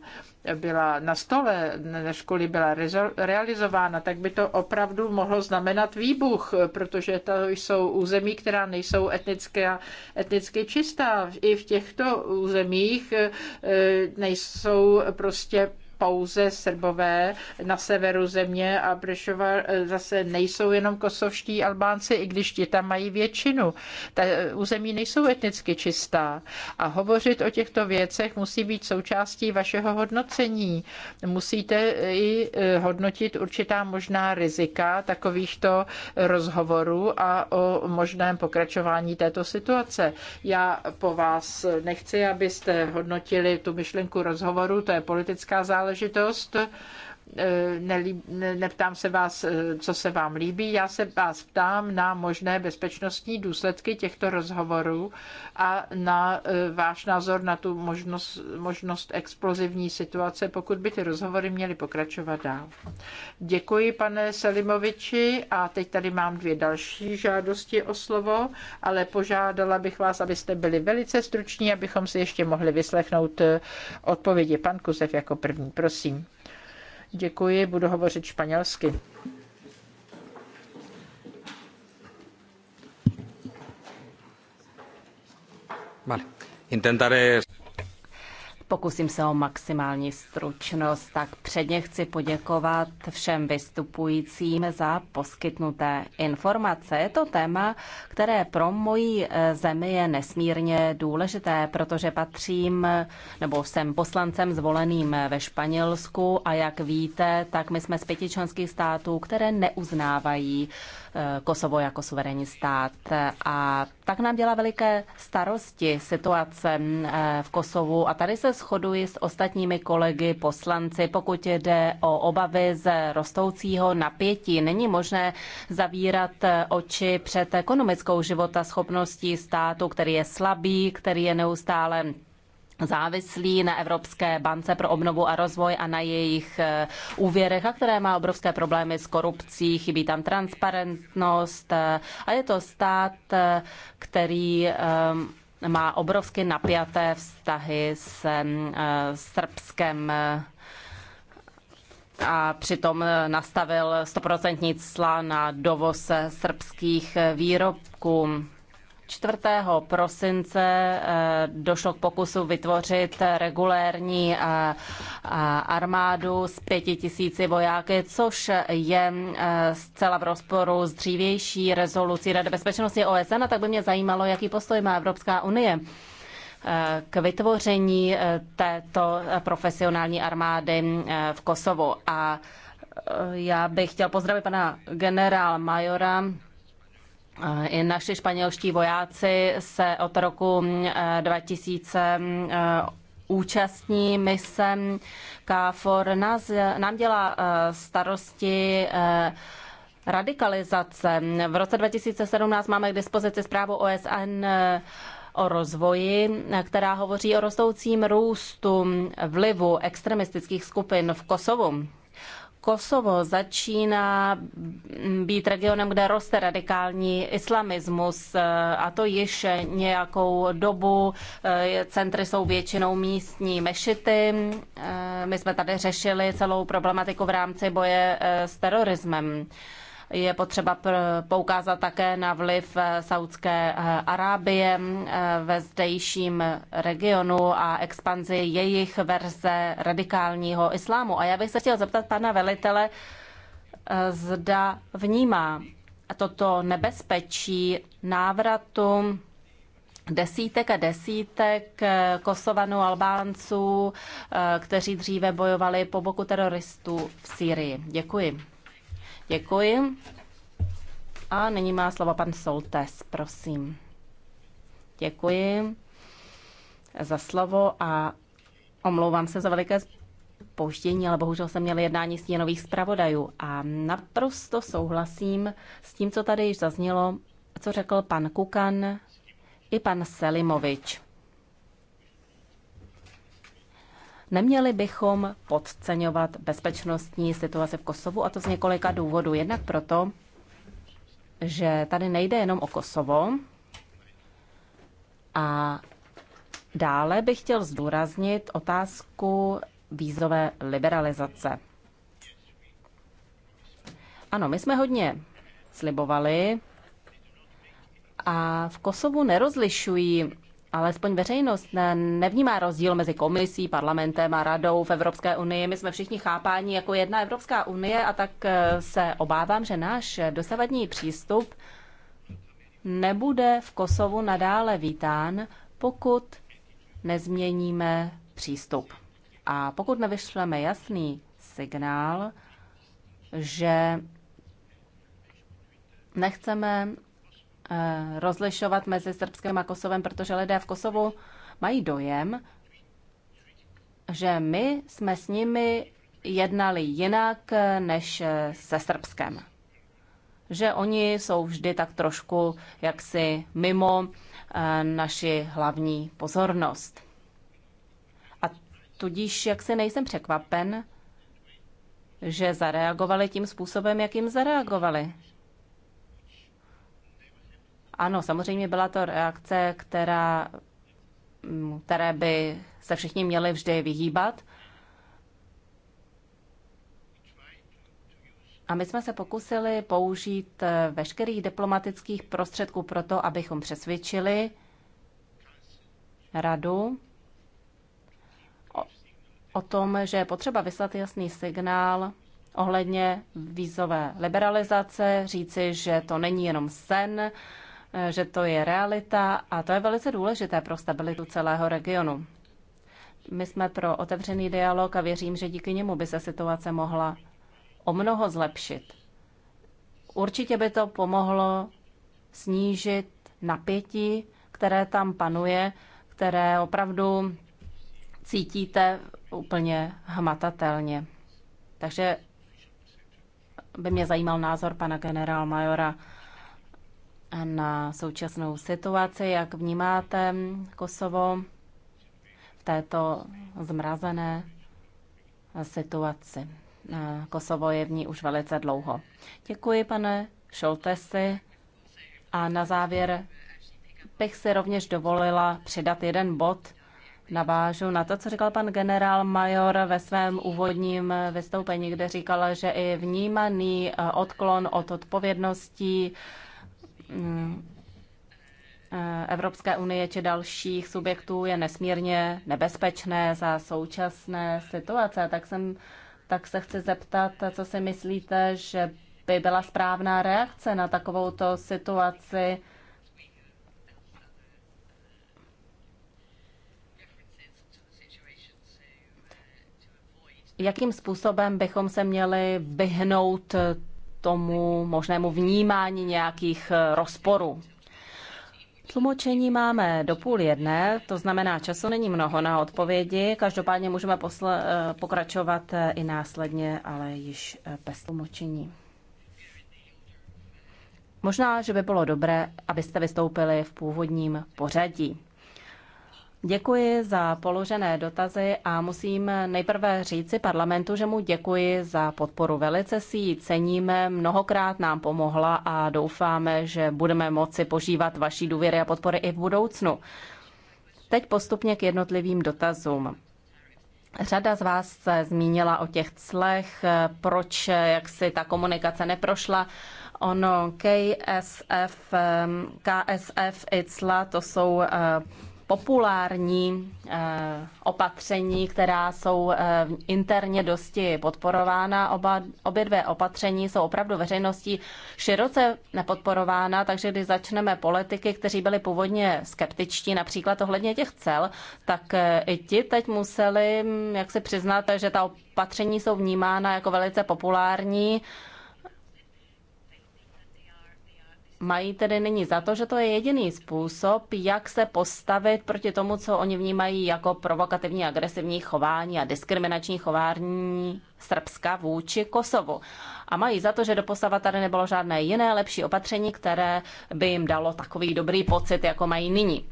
byla na stole, na školy byla realizována, tak by to opravdu mohlo znamenat výbuch, protože to jsou území, která nejsou etnické, etnicky čistá. I v těchto územích eh, nejsou prostě pouze Srbové na severu země a Brešova eh, zase nejsou jenom kosovští Albánci, i když ti tam mají většinu. Ta eh, území nejsou etnicky čistá a hovořit o těchto věcech musí být součástí vašeho hodnocení. Musíte i eh, hodnotit určitá možná rizika takovýchto rozhovorů a o možném pokračování této situace. Já po vás nechci, abyste hodnotili tu myšlenku rozhovoru, to je politická záležitost, záležitost Eh, ne, ne, neptám se vás, eh, co se vám líbí, já se vás ptám na možné bezpečnostní důsledky těchto rozhovorů a na eh, váš názor na tu možnost, možnost explozivní situace, pokud by ty rozhovory měly pokračovat dál. Děkuji, pane Selimoviči, a teď tady mám dvě další žádosti o slovo, ale požádala bych vás, abyste byli velice struční, abychom si ještě mohli vyslechnout odpovědi. Pan Kuzev jako první, prosím. Děkuji, budu hovořit španělsky. Vale. Intentaré... Pokusím se o maximální stručnost, tak předně chci poděkovat všem vystupujícím za poskytnuté informace. Je to téma, které pro moji eh, zemi je nesmírně důležité, protože patřím nebo jsem poslancem zvoleným ve Španělsku a jak víte, tak my jsme z pěti členských států, které neuznávají eh, Kosovo jako suverénní stát. A tak nám dělá veliké starosti situace eh, v Kosovu. A tady se shoduji s ostatními kolegy poslanci, pokud jde o obavy ze rostoucího napětí. Není možné zavírat oči před ekonomickou schopností státu, který je slabý, který je neustále závislí na Evropské bance pro obnovu a rozvoj a na jejich eh, úvěrech, a které má obrovské problémy s korupcí, chybí tam transparentnost eh, a je to stát, eh, který má obrovsky napjaté vztahy s eh, Srbskem eh, a přitom eh, nastavil stoprocentní cla na dovoz srbských výrobků. 4. prosince eh, došlo k pokusu vytvořit regulérní eh, eh, armádu s pěti tisíci vojáky, což je zcela v rozporu s dřívější rezolucí Rady bezpečnosti OSN, a tak by mě zajímalo, jaký postoj má Evropská unie k vytvoření této profesionální armády v Kosovu. A já bych chtěl pozdravit pana generál majora Eh, I naši španělští vojáci se od roku 2000 eh, eh, účastní mise KFOR. Nás, nám dělá starosti radikalizace. V roce 2017 máme k dispozici zprávu OSN o rozvoji, která hovoří o rostoucím růstu vlivu extremistických skupin v Kosovu. Kosovo začíná být regionem, kde roste radikální islamismus eh, a to již nějakou dobu. Eh, centry jsou většinou místní mešity. Eh, my jsme tady řešili celou problematiku v rámci boje s terorismem. Je potřeba poukázat také na vliv eh, Saudské eh, Arábie eh, ve zdejším regionu a expanzi jejich verze radikálního islámu. A já bych se chtěl zeptat pana velitele, zda vnímá toto nebezpečí návratu desítek a desítek Kosovanů, Albánců, kteří dříve bojovali po boku teroristů v Sýrii. Děkuji. Děkuji. A nyní má slovo pan Soltes, prosím. Děkuji za slovo a omlouvám se za veliké spoždění, ale bohužel jsem měl jednání s nových zpravodajů a naprosto souhlasím s tím, co tady již zaznělo, co řekl pan Kukan i pan Selimovič. Neměli bychom podceňovat bezpečnostní situaci v Kosovu a to z několika důvodů. Jednak proto, že tady nejde jenom o Kosovo a dále bych chtěl zdůraznit otázku vízové liberalizace. Ano, my jsme hodně slibovali a v Kosovu nerozlišují alespoň veřejnost ne, nevnímá rozdíl mezi komisí, parlamentem a radou v Evropské unii. My jsme všichni chápáni jako jedna Evropská unie a tak eh, se obávám, že náš dosavadní přístup nebude v Kosovu nadále vítán, pokud nezměníme přístup. A pokud nevyšleme jasný signál, že nechceme Eh, rozlišovat mezi Srbskem a Kosovem, protože lidé v Kosovu mají dojem, že my jsme s nimi jednali jinak eh, než eh, se Srbskem. Že oni jsou vždy tak trošku jaksi mimo naši hlavní pozornost. A tudíž jaksi nejsem překvapen, že zareagovali tím způsobem, jakým zareagovali. Ano, samozřejmě byla to reakce, která, mm, které by se všichni měli vždy vyhýbat. A my jsme se pokusili použít eh, veškerých diplomatických prostředků pro to, abychom přesvědčili radu o, o tom, že je potřeba vyslat jasný signál ohledně vízové liberalizace, říci, že to není jenom sen, Eh, že to je realita a to je velice důležité pro stabilitu celého regionu. My jsme pro otevřený dialog a věřím, že díky němu by se situace mohla o mnoho zlepšit. Určitě by to pomohlo snížit napětí, které tam panuje, které opravdu cítíte úplně hmatatelně. Takže by mě zajímal názor pana generálmajora na současnou situaci, jak vnímáte Kosovo v této zmrazené situaci. Kosovo je v ní už velice dlouho. Děkuji, pane Šoltesi. A na závěr bych si rovněž dovolila přidat jeden bod. Navážu na to, co říkal pan generál Major ve svém úvodním vystoupení, kde říkal, že i vnímaný eh, odklon od odpovědností Mm. Eh, Evropské unie či dalších subjektů je nesmírně nebezpečné za současné situace. Tak, jsem, tak se chci zeptat, co si myslíte, že by byla správná reakce na takovouto situaci? Jakým způsobem bychom se měli vyhnout tomu možnému vnímání nějakých eh, rozporů. Tlumočení máme do půl jedné, to znamená, času není mnoho na odpovědi. Každopádně můžeme posle, eh, pokračovat eh, i následně, ale již bez tlumočení. Možná, že by bylo dobré, abyste vystoupili v původním pořadí. Děkuji za položené dotazy a musím nejprve říci parlamentu, že mu děkuji za podporu. Velice si ji ceníme, mnohokrát nám pomohla a doufáme, že budeme moci požívat vaší důvěry a podpory i v budoucnu. Teď postupně k jednotlivým dotazům. Řada z vás se zmínila o těch clech, proč jak si ta komunikace neprošla. Ono KSF, KSF i cla, to jsou eh, populární eh, opatření, která jsou eh, interně dosti podporována. Oba, obě dvě opatření jsou opravdu veřejností široce nepodporována, takže když začneme politiky, kteří byli původně skeptičtí, například ohledně těch cel, tak eh, i ti teď museli, mm, jak si přiznat, že ta opatření jsou vnímána jako velice populární mají tedy nyní za to, že to je jediný způsob, jak se postavit proti tomu, co oni vnímají jako provokativní, agresivní chování a diskriminační chování Srbska vůči Kosovu. A mají za to, že doposava tady nebylo žádné jiné lepší opatření, které by jim dalo takový dobrý pocit, jako mají nyní.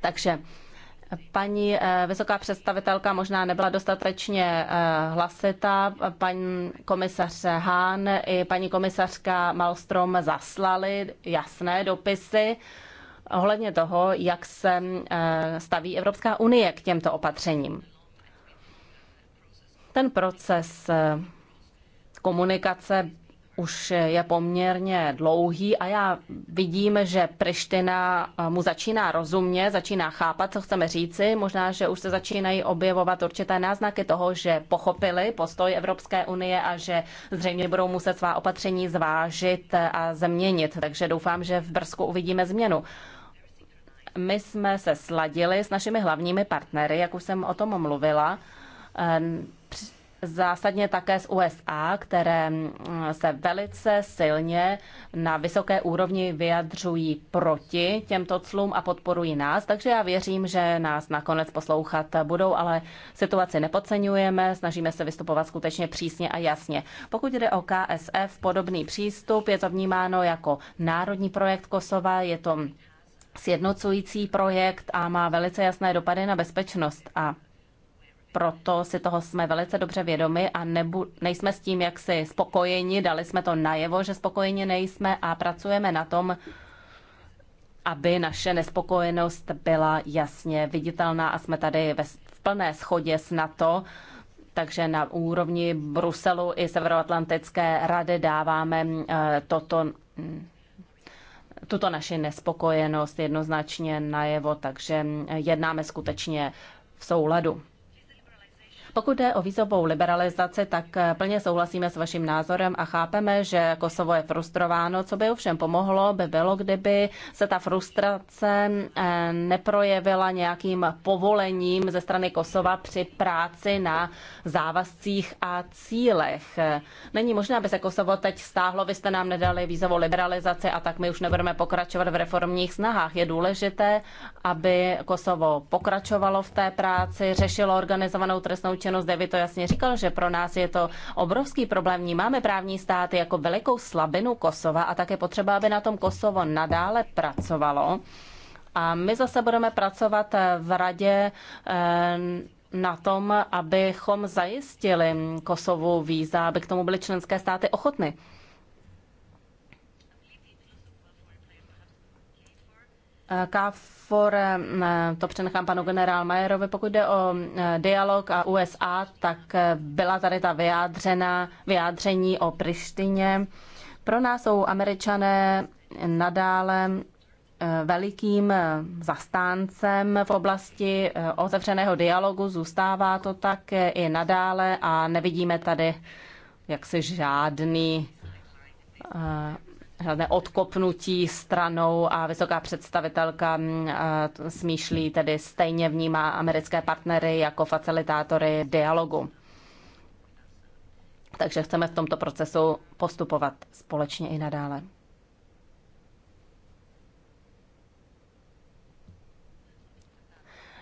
Takže Paní eh, vysoká představitelka možná nebyla dostatečně eh, hlasitá. Pan komisař Hán i paní komisařka Malstrom zaslali jasné dopisy ohledně toho, jak se eh, staví Evropská unie k těmto opatřením. Ten proces komunikace už je poměrně dlouhý a já vidím, že Priština eh, mu začíná rozumět, začíná chápat, co chceme říci. Možná, že už se začínají objevovat určité náznaky toho, že pochopili postoj Evropské unie a že zřejmě budou muset svá opatření zvážit a změnit. Takže doufám, že v Brzku uvidíme změnu. My jsme se sladili s našimi hlavními partnery, jak už jsem o tom mluvila eh, zásadně také z USA, které mm, se velice silně na vysoké úrovni vyjadřují proti těmto clům a podporují nás, takže já věřím, že nás nakonec poslouchat budou, ale situaci nepodceňujeme, snažíme se vystupovat skutečně přísně a jasně. Pokud jde o KSF, podobný přístup, je to vnímáno jako národní projekt Kosova, je to sjednocující projekt a má velice jasné dopady na bezpečnost a proto si toho jsme velice dobře vědomi a nebu, nejsme s tím jaksi spokojeni, dali jsme to najevo, že spokojeni nejsme a pracujeme na tom, aby naše nespokojenost byla jasně viditelná a jsme tady ve, v plné schodě s NATO, takže na úrovni Bruselu i Severoatlantické rady dáváme eh, toto mm, tuto naši nespokojenost jednoznačně najevo, takže eh, jednáme skutečně v souladu. Pokud jde o vízovou liberalizaci, tak eh, plně souhlasíme s vaším názorem a chápeme, že Kosovo je frustrováno. Co by ovšem pomohlo, by bylo, kdyby se ta frustrace eh, neprojevila nějakým povolením ze strany Kosova při práci na závazcích a cílech. Není možné, aby se Kosovo teď stáhlo, vy jste nám nedali vízovou liberalizaci a tak my už nebudeme pokračovat v reformních snahách. Je důležité, aby Kosovo pokračovalo v té práci, řešilo organizovanou trestnou Čeno zde by to jasně říkal, že pro nás je to obrovský problém. Vnímáme právní stát jako velikou slabinu Kosova a také potřeba, aby na tom Kosovo nadále pracovalo. A my zase budeme pracovat v radě eh, na tom, abychom zajistili Kosovu víza, aby k tomu byly členské státy ochotny. KFOR, eh, to přenechám panu generál Majerovi, pokud jde o eh, dialog a USA, tak eh, byla tady ta vyjádřena, vyjádření o Prištině. Pro nás jsou američané nadále velikým zastáncem v oblasti otevřeného dialogu. Zůstává to tak i nadále a nevidíme tady jaksi žádný žádné odkopnutí stranou a vysoká představitelka mm, smýšlí tedy stejně vnímá americké partnery jako facilitátory dialogu. Takže chceme v tomto procesu postupovat společně i nadále.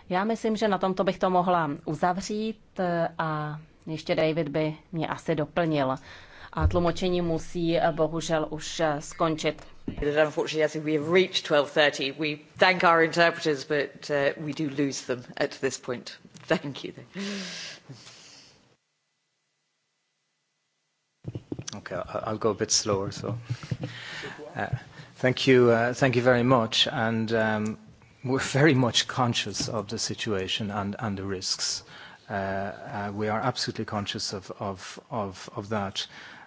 Já myslím, že na tomto bych to mohla uzavřít eh, a ještě David by mě asi doplnil a tlumočení musí eh, bohužel už eh, skončit. Unfortunately, I think we have reached 12.30, we thank our interpreters, but uh, we do lose them at this point. Thank you. Okay, I'll go a bit slower. So, uh, thank you, uh, thank you very much. And um, we're very much conscious of the situation and, and the risks. Uh, uh, we are absolutely conscious of, of, of, of that.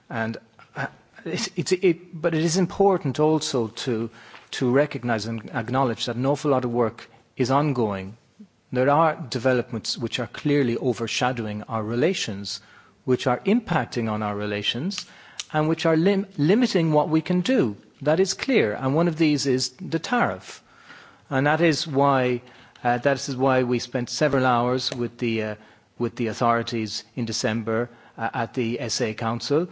And uh, it, it, but it is important also to, to recognize and acknowledge that an awful lot of work is ongoing. There are developments which are clearly overshadowing our relations, which are impacting on our relations, and which are lim limiting what we can do. That is clear. And one of these is the tariff. And that is why, uh, that is why we spent several hours with the, uh, with the authorities in December uh, at the SA Council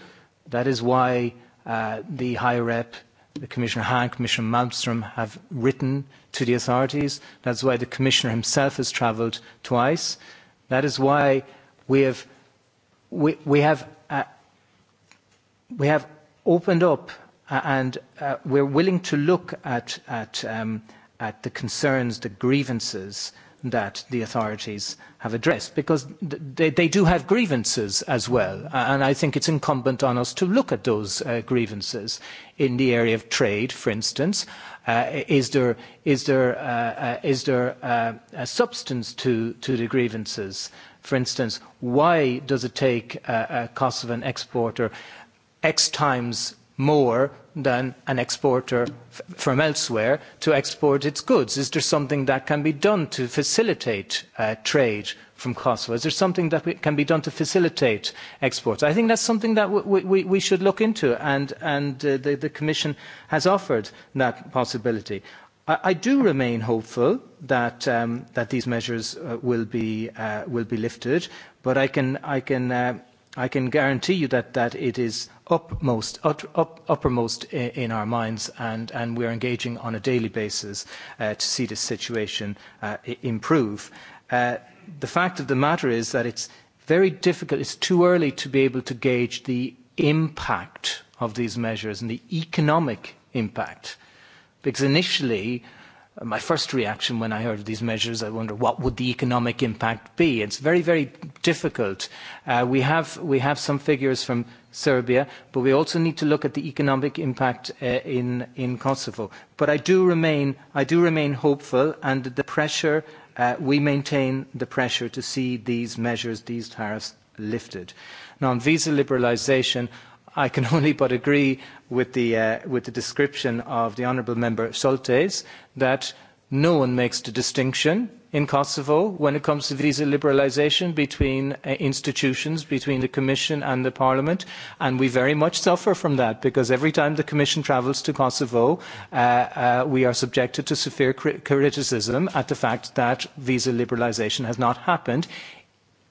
That is why uh, the High Rep, the Commissioner Hahn, Commissioner Malmström have written to the authorities. That's why the Commissioner himself has travelled twice. That is why we have, we, we have, uh, we have opened up uh, and uh, we're willing to look at, at, um, at the concerns, the grievances, that the authorities have addressed because they, they do have grievances as well and I think it's incumbent on us to look at those uh, grievances in the area of trade for instance uh, is there is there uh, uh is there uh, a substance to to the grievances for instance why does it take a Kosovan exporter x times more than an exporter from elsewhere to export its goods? Is there something that can be done to facilitate uh, trade from Kosovo? Is there something that we, can be done to facilitate exports? I think that's something that we, we, we should look into, and, and uh, the, the Commission has offered that possibility. I, I do remain hopeful that, um, that these measures uh, will, be, uh, will be lifted, but I can, I can uh, i can guarantee you that, that it is upmost, uppermost in, our minds and, and are engaging on a daily basis uh, to see this situation uh, improve. Uh, the fact of the matter is that it's very difficult, it's too early to be able to gauge the impact of these measures and the economic impact. Because initially, my first reaction when I heard of these measures, I wonder what would the economic impact be. It's very, very difficult. Uh, we, have, we have some figures from Serbia, but we also need to look at the economic impact uh, in, in Kosovo. But I do remain, I do remain hopeful, and the pressure, uh, we maintain the pressure to see these measures, these tariffs lifted. Now, on visa liberalisation, I can only but agree with the, with the description of the Honourable Member Soltes that No one makes the distinction in Kosovo when it comes to visa liberalisation between uh, institutions, between the Commission and the Parliament. And we very much suffer from that because every time the Commission travels to Kosovo, uh, uh, we are subjected to severe criticism at the fact that visa liberalisation has not happened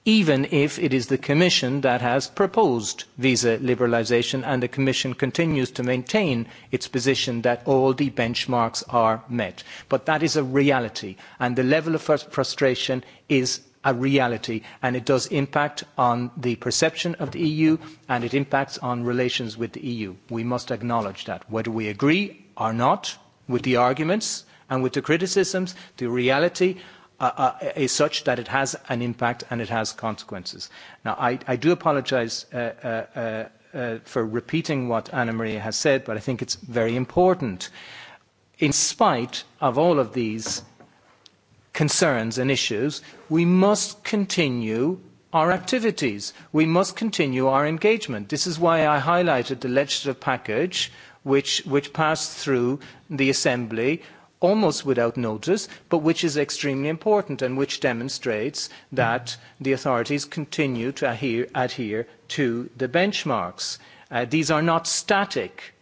even if it is the Commission that has proposed visa liberalisation and the Commission continues to maintain its position that all the benchmarks are met. But that is a reality, and the level of frustration is a reality, and it does impact on the perception of the EU, and it impacts on relations with the EU. We must acknowledge that. Whether we agree or not with the arguments and with the criticisms, the reality is such that it has an impact and it has consequences. Now, I, do apologize uh, uh, uh, for repeating what Anna Maria has said, but I think it's very important. In spite of all of these concerns and issues, we must continue our activities. We must continue our engagement. This is why I highlighted the legislative package which passed through the Assembly almost without notice, but which is extremely important and which demonstrates that the authorities continue to adhere, adhere to the benchmarks. Uh, these are not static.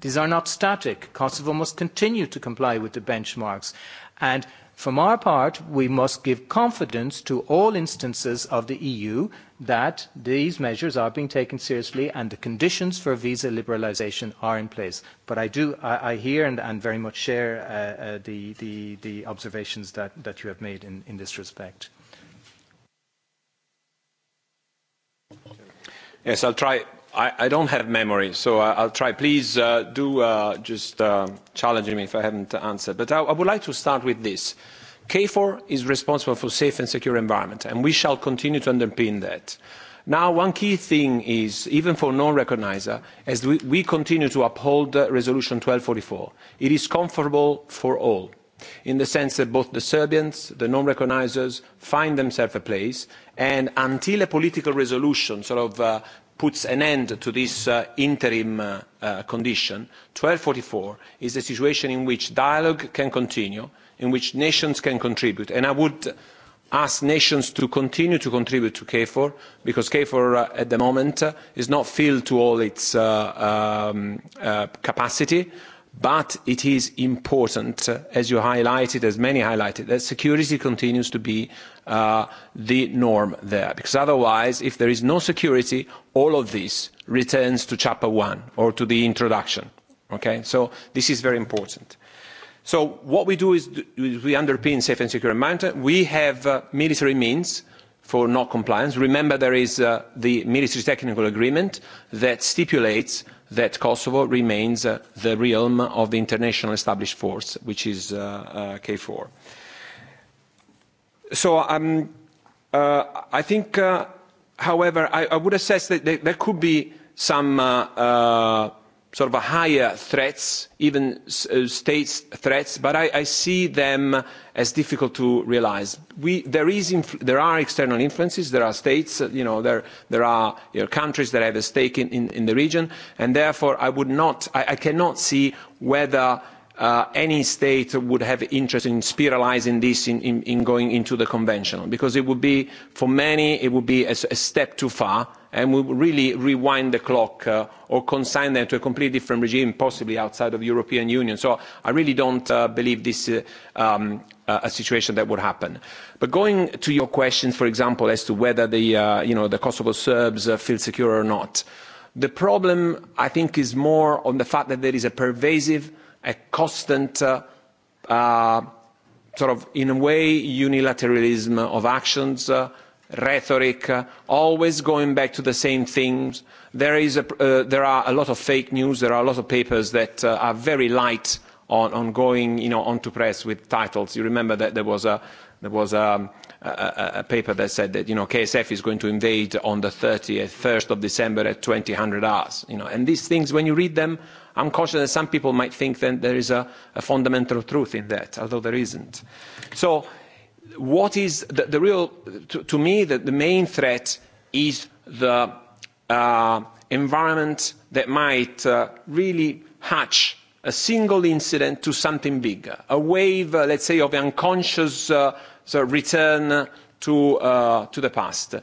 These are not static. Kosovo must continue to comply with the benchmarks. And From our part, we must give confidence to all instances of the EU that these measures are being taken seriously and the conditions for visa liberalisation are in place. But I do, I, I hear and, and very much share uh, uh, the, the, the observations that, that you have made in, in this respect. Yes, I'll try i, I don't have memory, so I, I'll try. Please uh, do uh, just uh, challenge me if I haven't answered. But I, I would like to start with this. KFOR is responsible for safe and secure environment, and we shall continue to underpin that. Now, one key thing is, even for non-recognizer, as we, we continue to uphold uh, Resolution 1244, it is comfortable for all in the sense that both the Serbians, the non-recognizers, find themselves a place, and until a political resolution, sort of uh, puts an end to this uh, interim uh, uh, condition, 1244 is a situation in which dialogue can continue, in which nations can contribute. And I would ask nations to continue to contribute to KFOR, because KFOR uh, at the moment uh, is not filled to all its uh, um, uh, capacity But it is important, as you highlighted, as many highlighted, that security continues to be uh, the norm there. Because otherwise, if there is no security, all of this returns to chapter one or to the introduction. Okay? So this is very important. So what we do is we underpin safe and secure environment. We have uh, military means for non-compliance. Remember, there is uh, the military technical agreement that stipulates that Kosovo remains uh, the realm of the international established force, which is uh, KFOR. So um, I think, however, I, would assess that there could be some sort of a higher threats, even uh, states threats, but I, I see them as difficult to realise. There, there, are external influences, there are states, uh, you know, there, there are you know, countries that have a stake in, in, in, the region, and therefore I would not, I, I cannot see whether uh, any state would have interest in spiralising this in, in, in, going into the conventional, because it would be, for many, it would be a, a step too far, and we will really rewind the clock uh, or consign them to a completely different regime, possibly outside of the European Union. So I really don't uh, believe this is uh, um, a situation that would happen. But going to your question, for example, as to whether the, you know, the Kosovo Serbs feel secure or not, the problem, I think, is more on the fact that there is a pervasive, a constant sort of, in a way, unilateralism of actions, rhetoric, uh, always going back to the same things. There, is a, uh, there are a lot of fake news, there are a lot of papers that uh, are very light on, on going you know, onto press with titles. You remember that there was a, there was um, a, a, a paper that said that you know, KSF is going to invade on the 31 st of December at 2000 hours. You know, and these things, when you read them, I'm cautious that some people might think that there is a, a fundamental truth in that, although there isn't. So what is the, the real, to, to me, the, the main threat is the uh, environment that might uh, really hatch a single incident to something bigger, a wave, uh, let's say, of unconscious uh, return to, uh, to the past.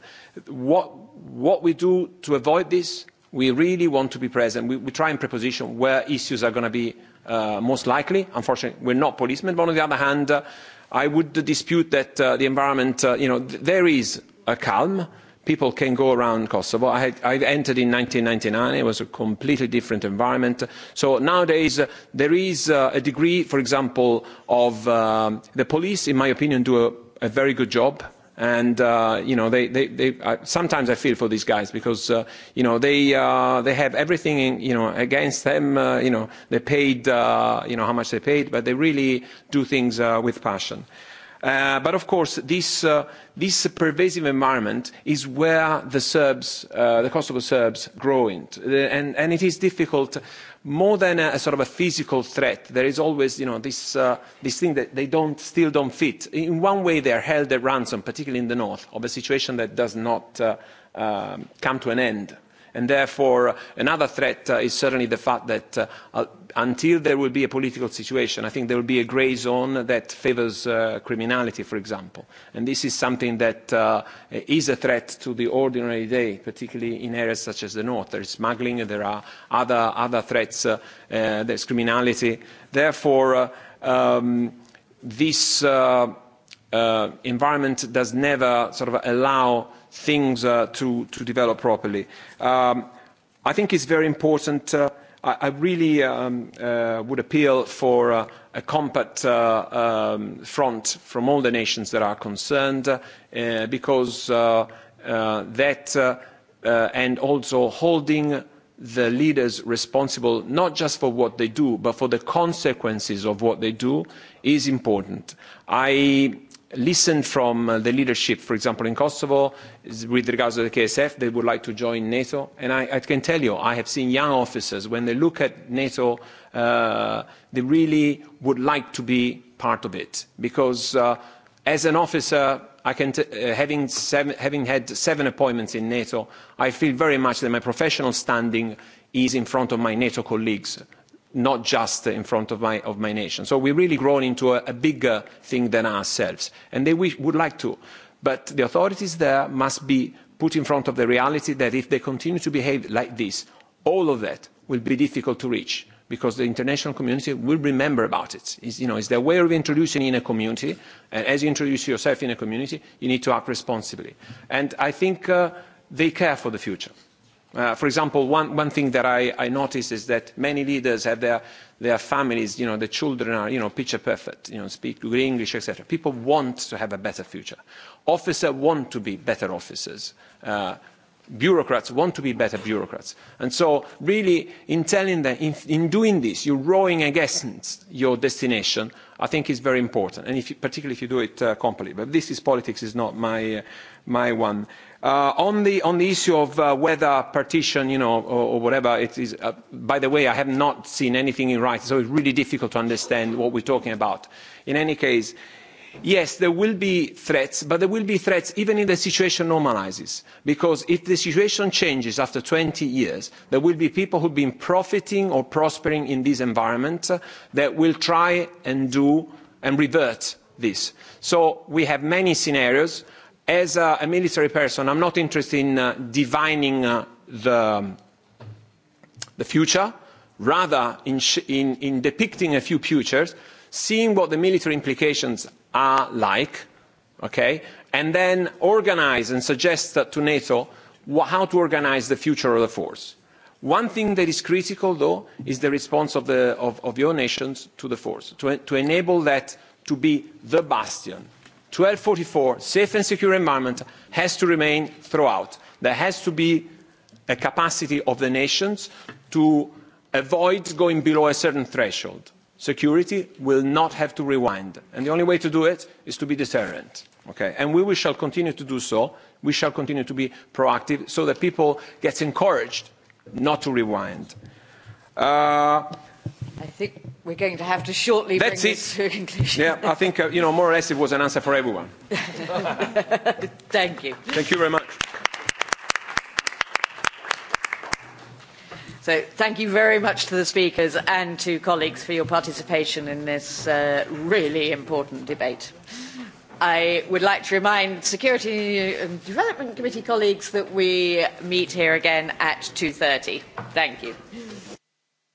What, what we do to avoid this, we really want to be present. We, we try and preposition where issues are going to be uh, most likely. Unfortunately, we're not policemen, but on the other hand, uh, i would dispute that uh, the environment, uh, you know, th there is a calm. People can go around Kosovo. I, had, I entered in 1999. It was a completely different environment. So nowadays, uh, there is uh, a degree, for example, of um, the police, in my opinion, do a, a very good job and uh, you know they, they, they sometimes I feel for these guys because uh, you know they uh, they have everything in, you know against them uh, you know they paid uh, you know how much they paid but they really do things uh, with passion Uh, but of course, this, uh, this pervasive environment is where the Serbs, uh, the Kosovo Serbs, grow in, and, and it is difficult. More than a, a, sort of a physical threat, there is always, you know, this, uh, this thing that they don't, still don't fit. In one way, they are held at ransom, particularly in the north, of a situation that does not uh, um, come to an end and therefore another threat uh, is certainly the fact that uh, until there will be a political situation, I think there will be a grey zone that favours uh, criminality, for example. And this is something that uh, is a threat to the ordinary day, particularly in areas such as the north. There is smuggling, there are other, other threats, uh, uh, criminality. Therefore, uh, um, this uh, uh, environment does never sort of allow things uh, to, to develop properly. Um, I think it's very important uh, i, really um, uh, would appeal for uh, a compact uh, um, front from all the nations that are concerned, because that and also holding the leaders responsible not just for what they do, but for the consequences of what they do is important. I listen from uh, the leadership, for example, in Kosovo, with regards to the KSF, they would like to join NATO. And I, I can tell you, I have seen young officers, when they look at NATO, uh, they really would like to be part of it. Because uh, as an officer, I can t uh, having, seven, having had seven appointments in NATO, I feel very much that my professional standing is in front of my NATO colleagues not just in front of my, of my nation. So we've really grown into a, a bigger thing than ourselves, and they wish, would like to. But the authorities there must be put in front of the reality that if they continue to behave like this, all of that will be difficult to reach because the international community will remember about it. It's, you know, it's their way of introducing in a community. And as you introduce yourself in a community, you need to act responsibly. And I think uh, they care for the future. Uh, for example, one, one thing that I, I noticed is that many leaders have their, their families, you know, the children are, you know, picture perfect, you know, speak good English, etc. People want to have a better future. Officers want to be better officers. Uh, bureaucrats want to be better bureaucrats. And so really in telling them, in, in doing this, you're rowing against your destination, I think is very important, and if you, particularly if you do it uh, completely. But this is politics, is not my, uh, my one. Uh, on, the, on the issue of uh, whether partition, you know, or, or whatever it is, uh, by the way, I have not seen anything in writing, so it's really difficult to understand what we're talking about. In any case, yes, there will be threats, but there will be threats even if the situation normalizes. Because if the situation changes after 20 years, there will be people who've been profiting or prospering in this environment uh, that will try and do and revert this. So we have many scenarios as a, military person, I'm not interested in uh, divining uh, the, um, the future, rather in, in, in depicting a few futures, seeing what the military implications are like, okay, and then organize and suggest to NATO how to organize the future of the force. One thing that is critical, though, is the response of, the, of, of your nations to the force, to, to enable that to be the bastion 1244, safe and secure environment, has to remain throughout. There has to be a capacity of the nations to avoid going below a certain threshold. Security will not have to rewind. And the only way to do it is to be deterrent. Okay? And we, we shall continue to do so. We shall continue to be proactive so that people get encouraged not to rewind. Uh, i think we're going to have to shortly That's bring it. this to a conclusion. Yeah, I think, uh, you know, more or less it was an answer for everyone. Thank you. Thank you very much. So thank you very much to the speakers and to colleagues for your participation in this uh, really important debate. I would like to remind Security and Development Committee colleagues that we meet here again at 2.30. Thank you.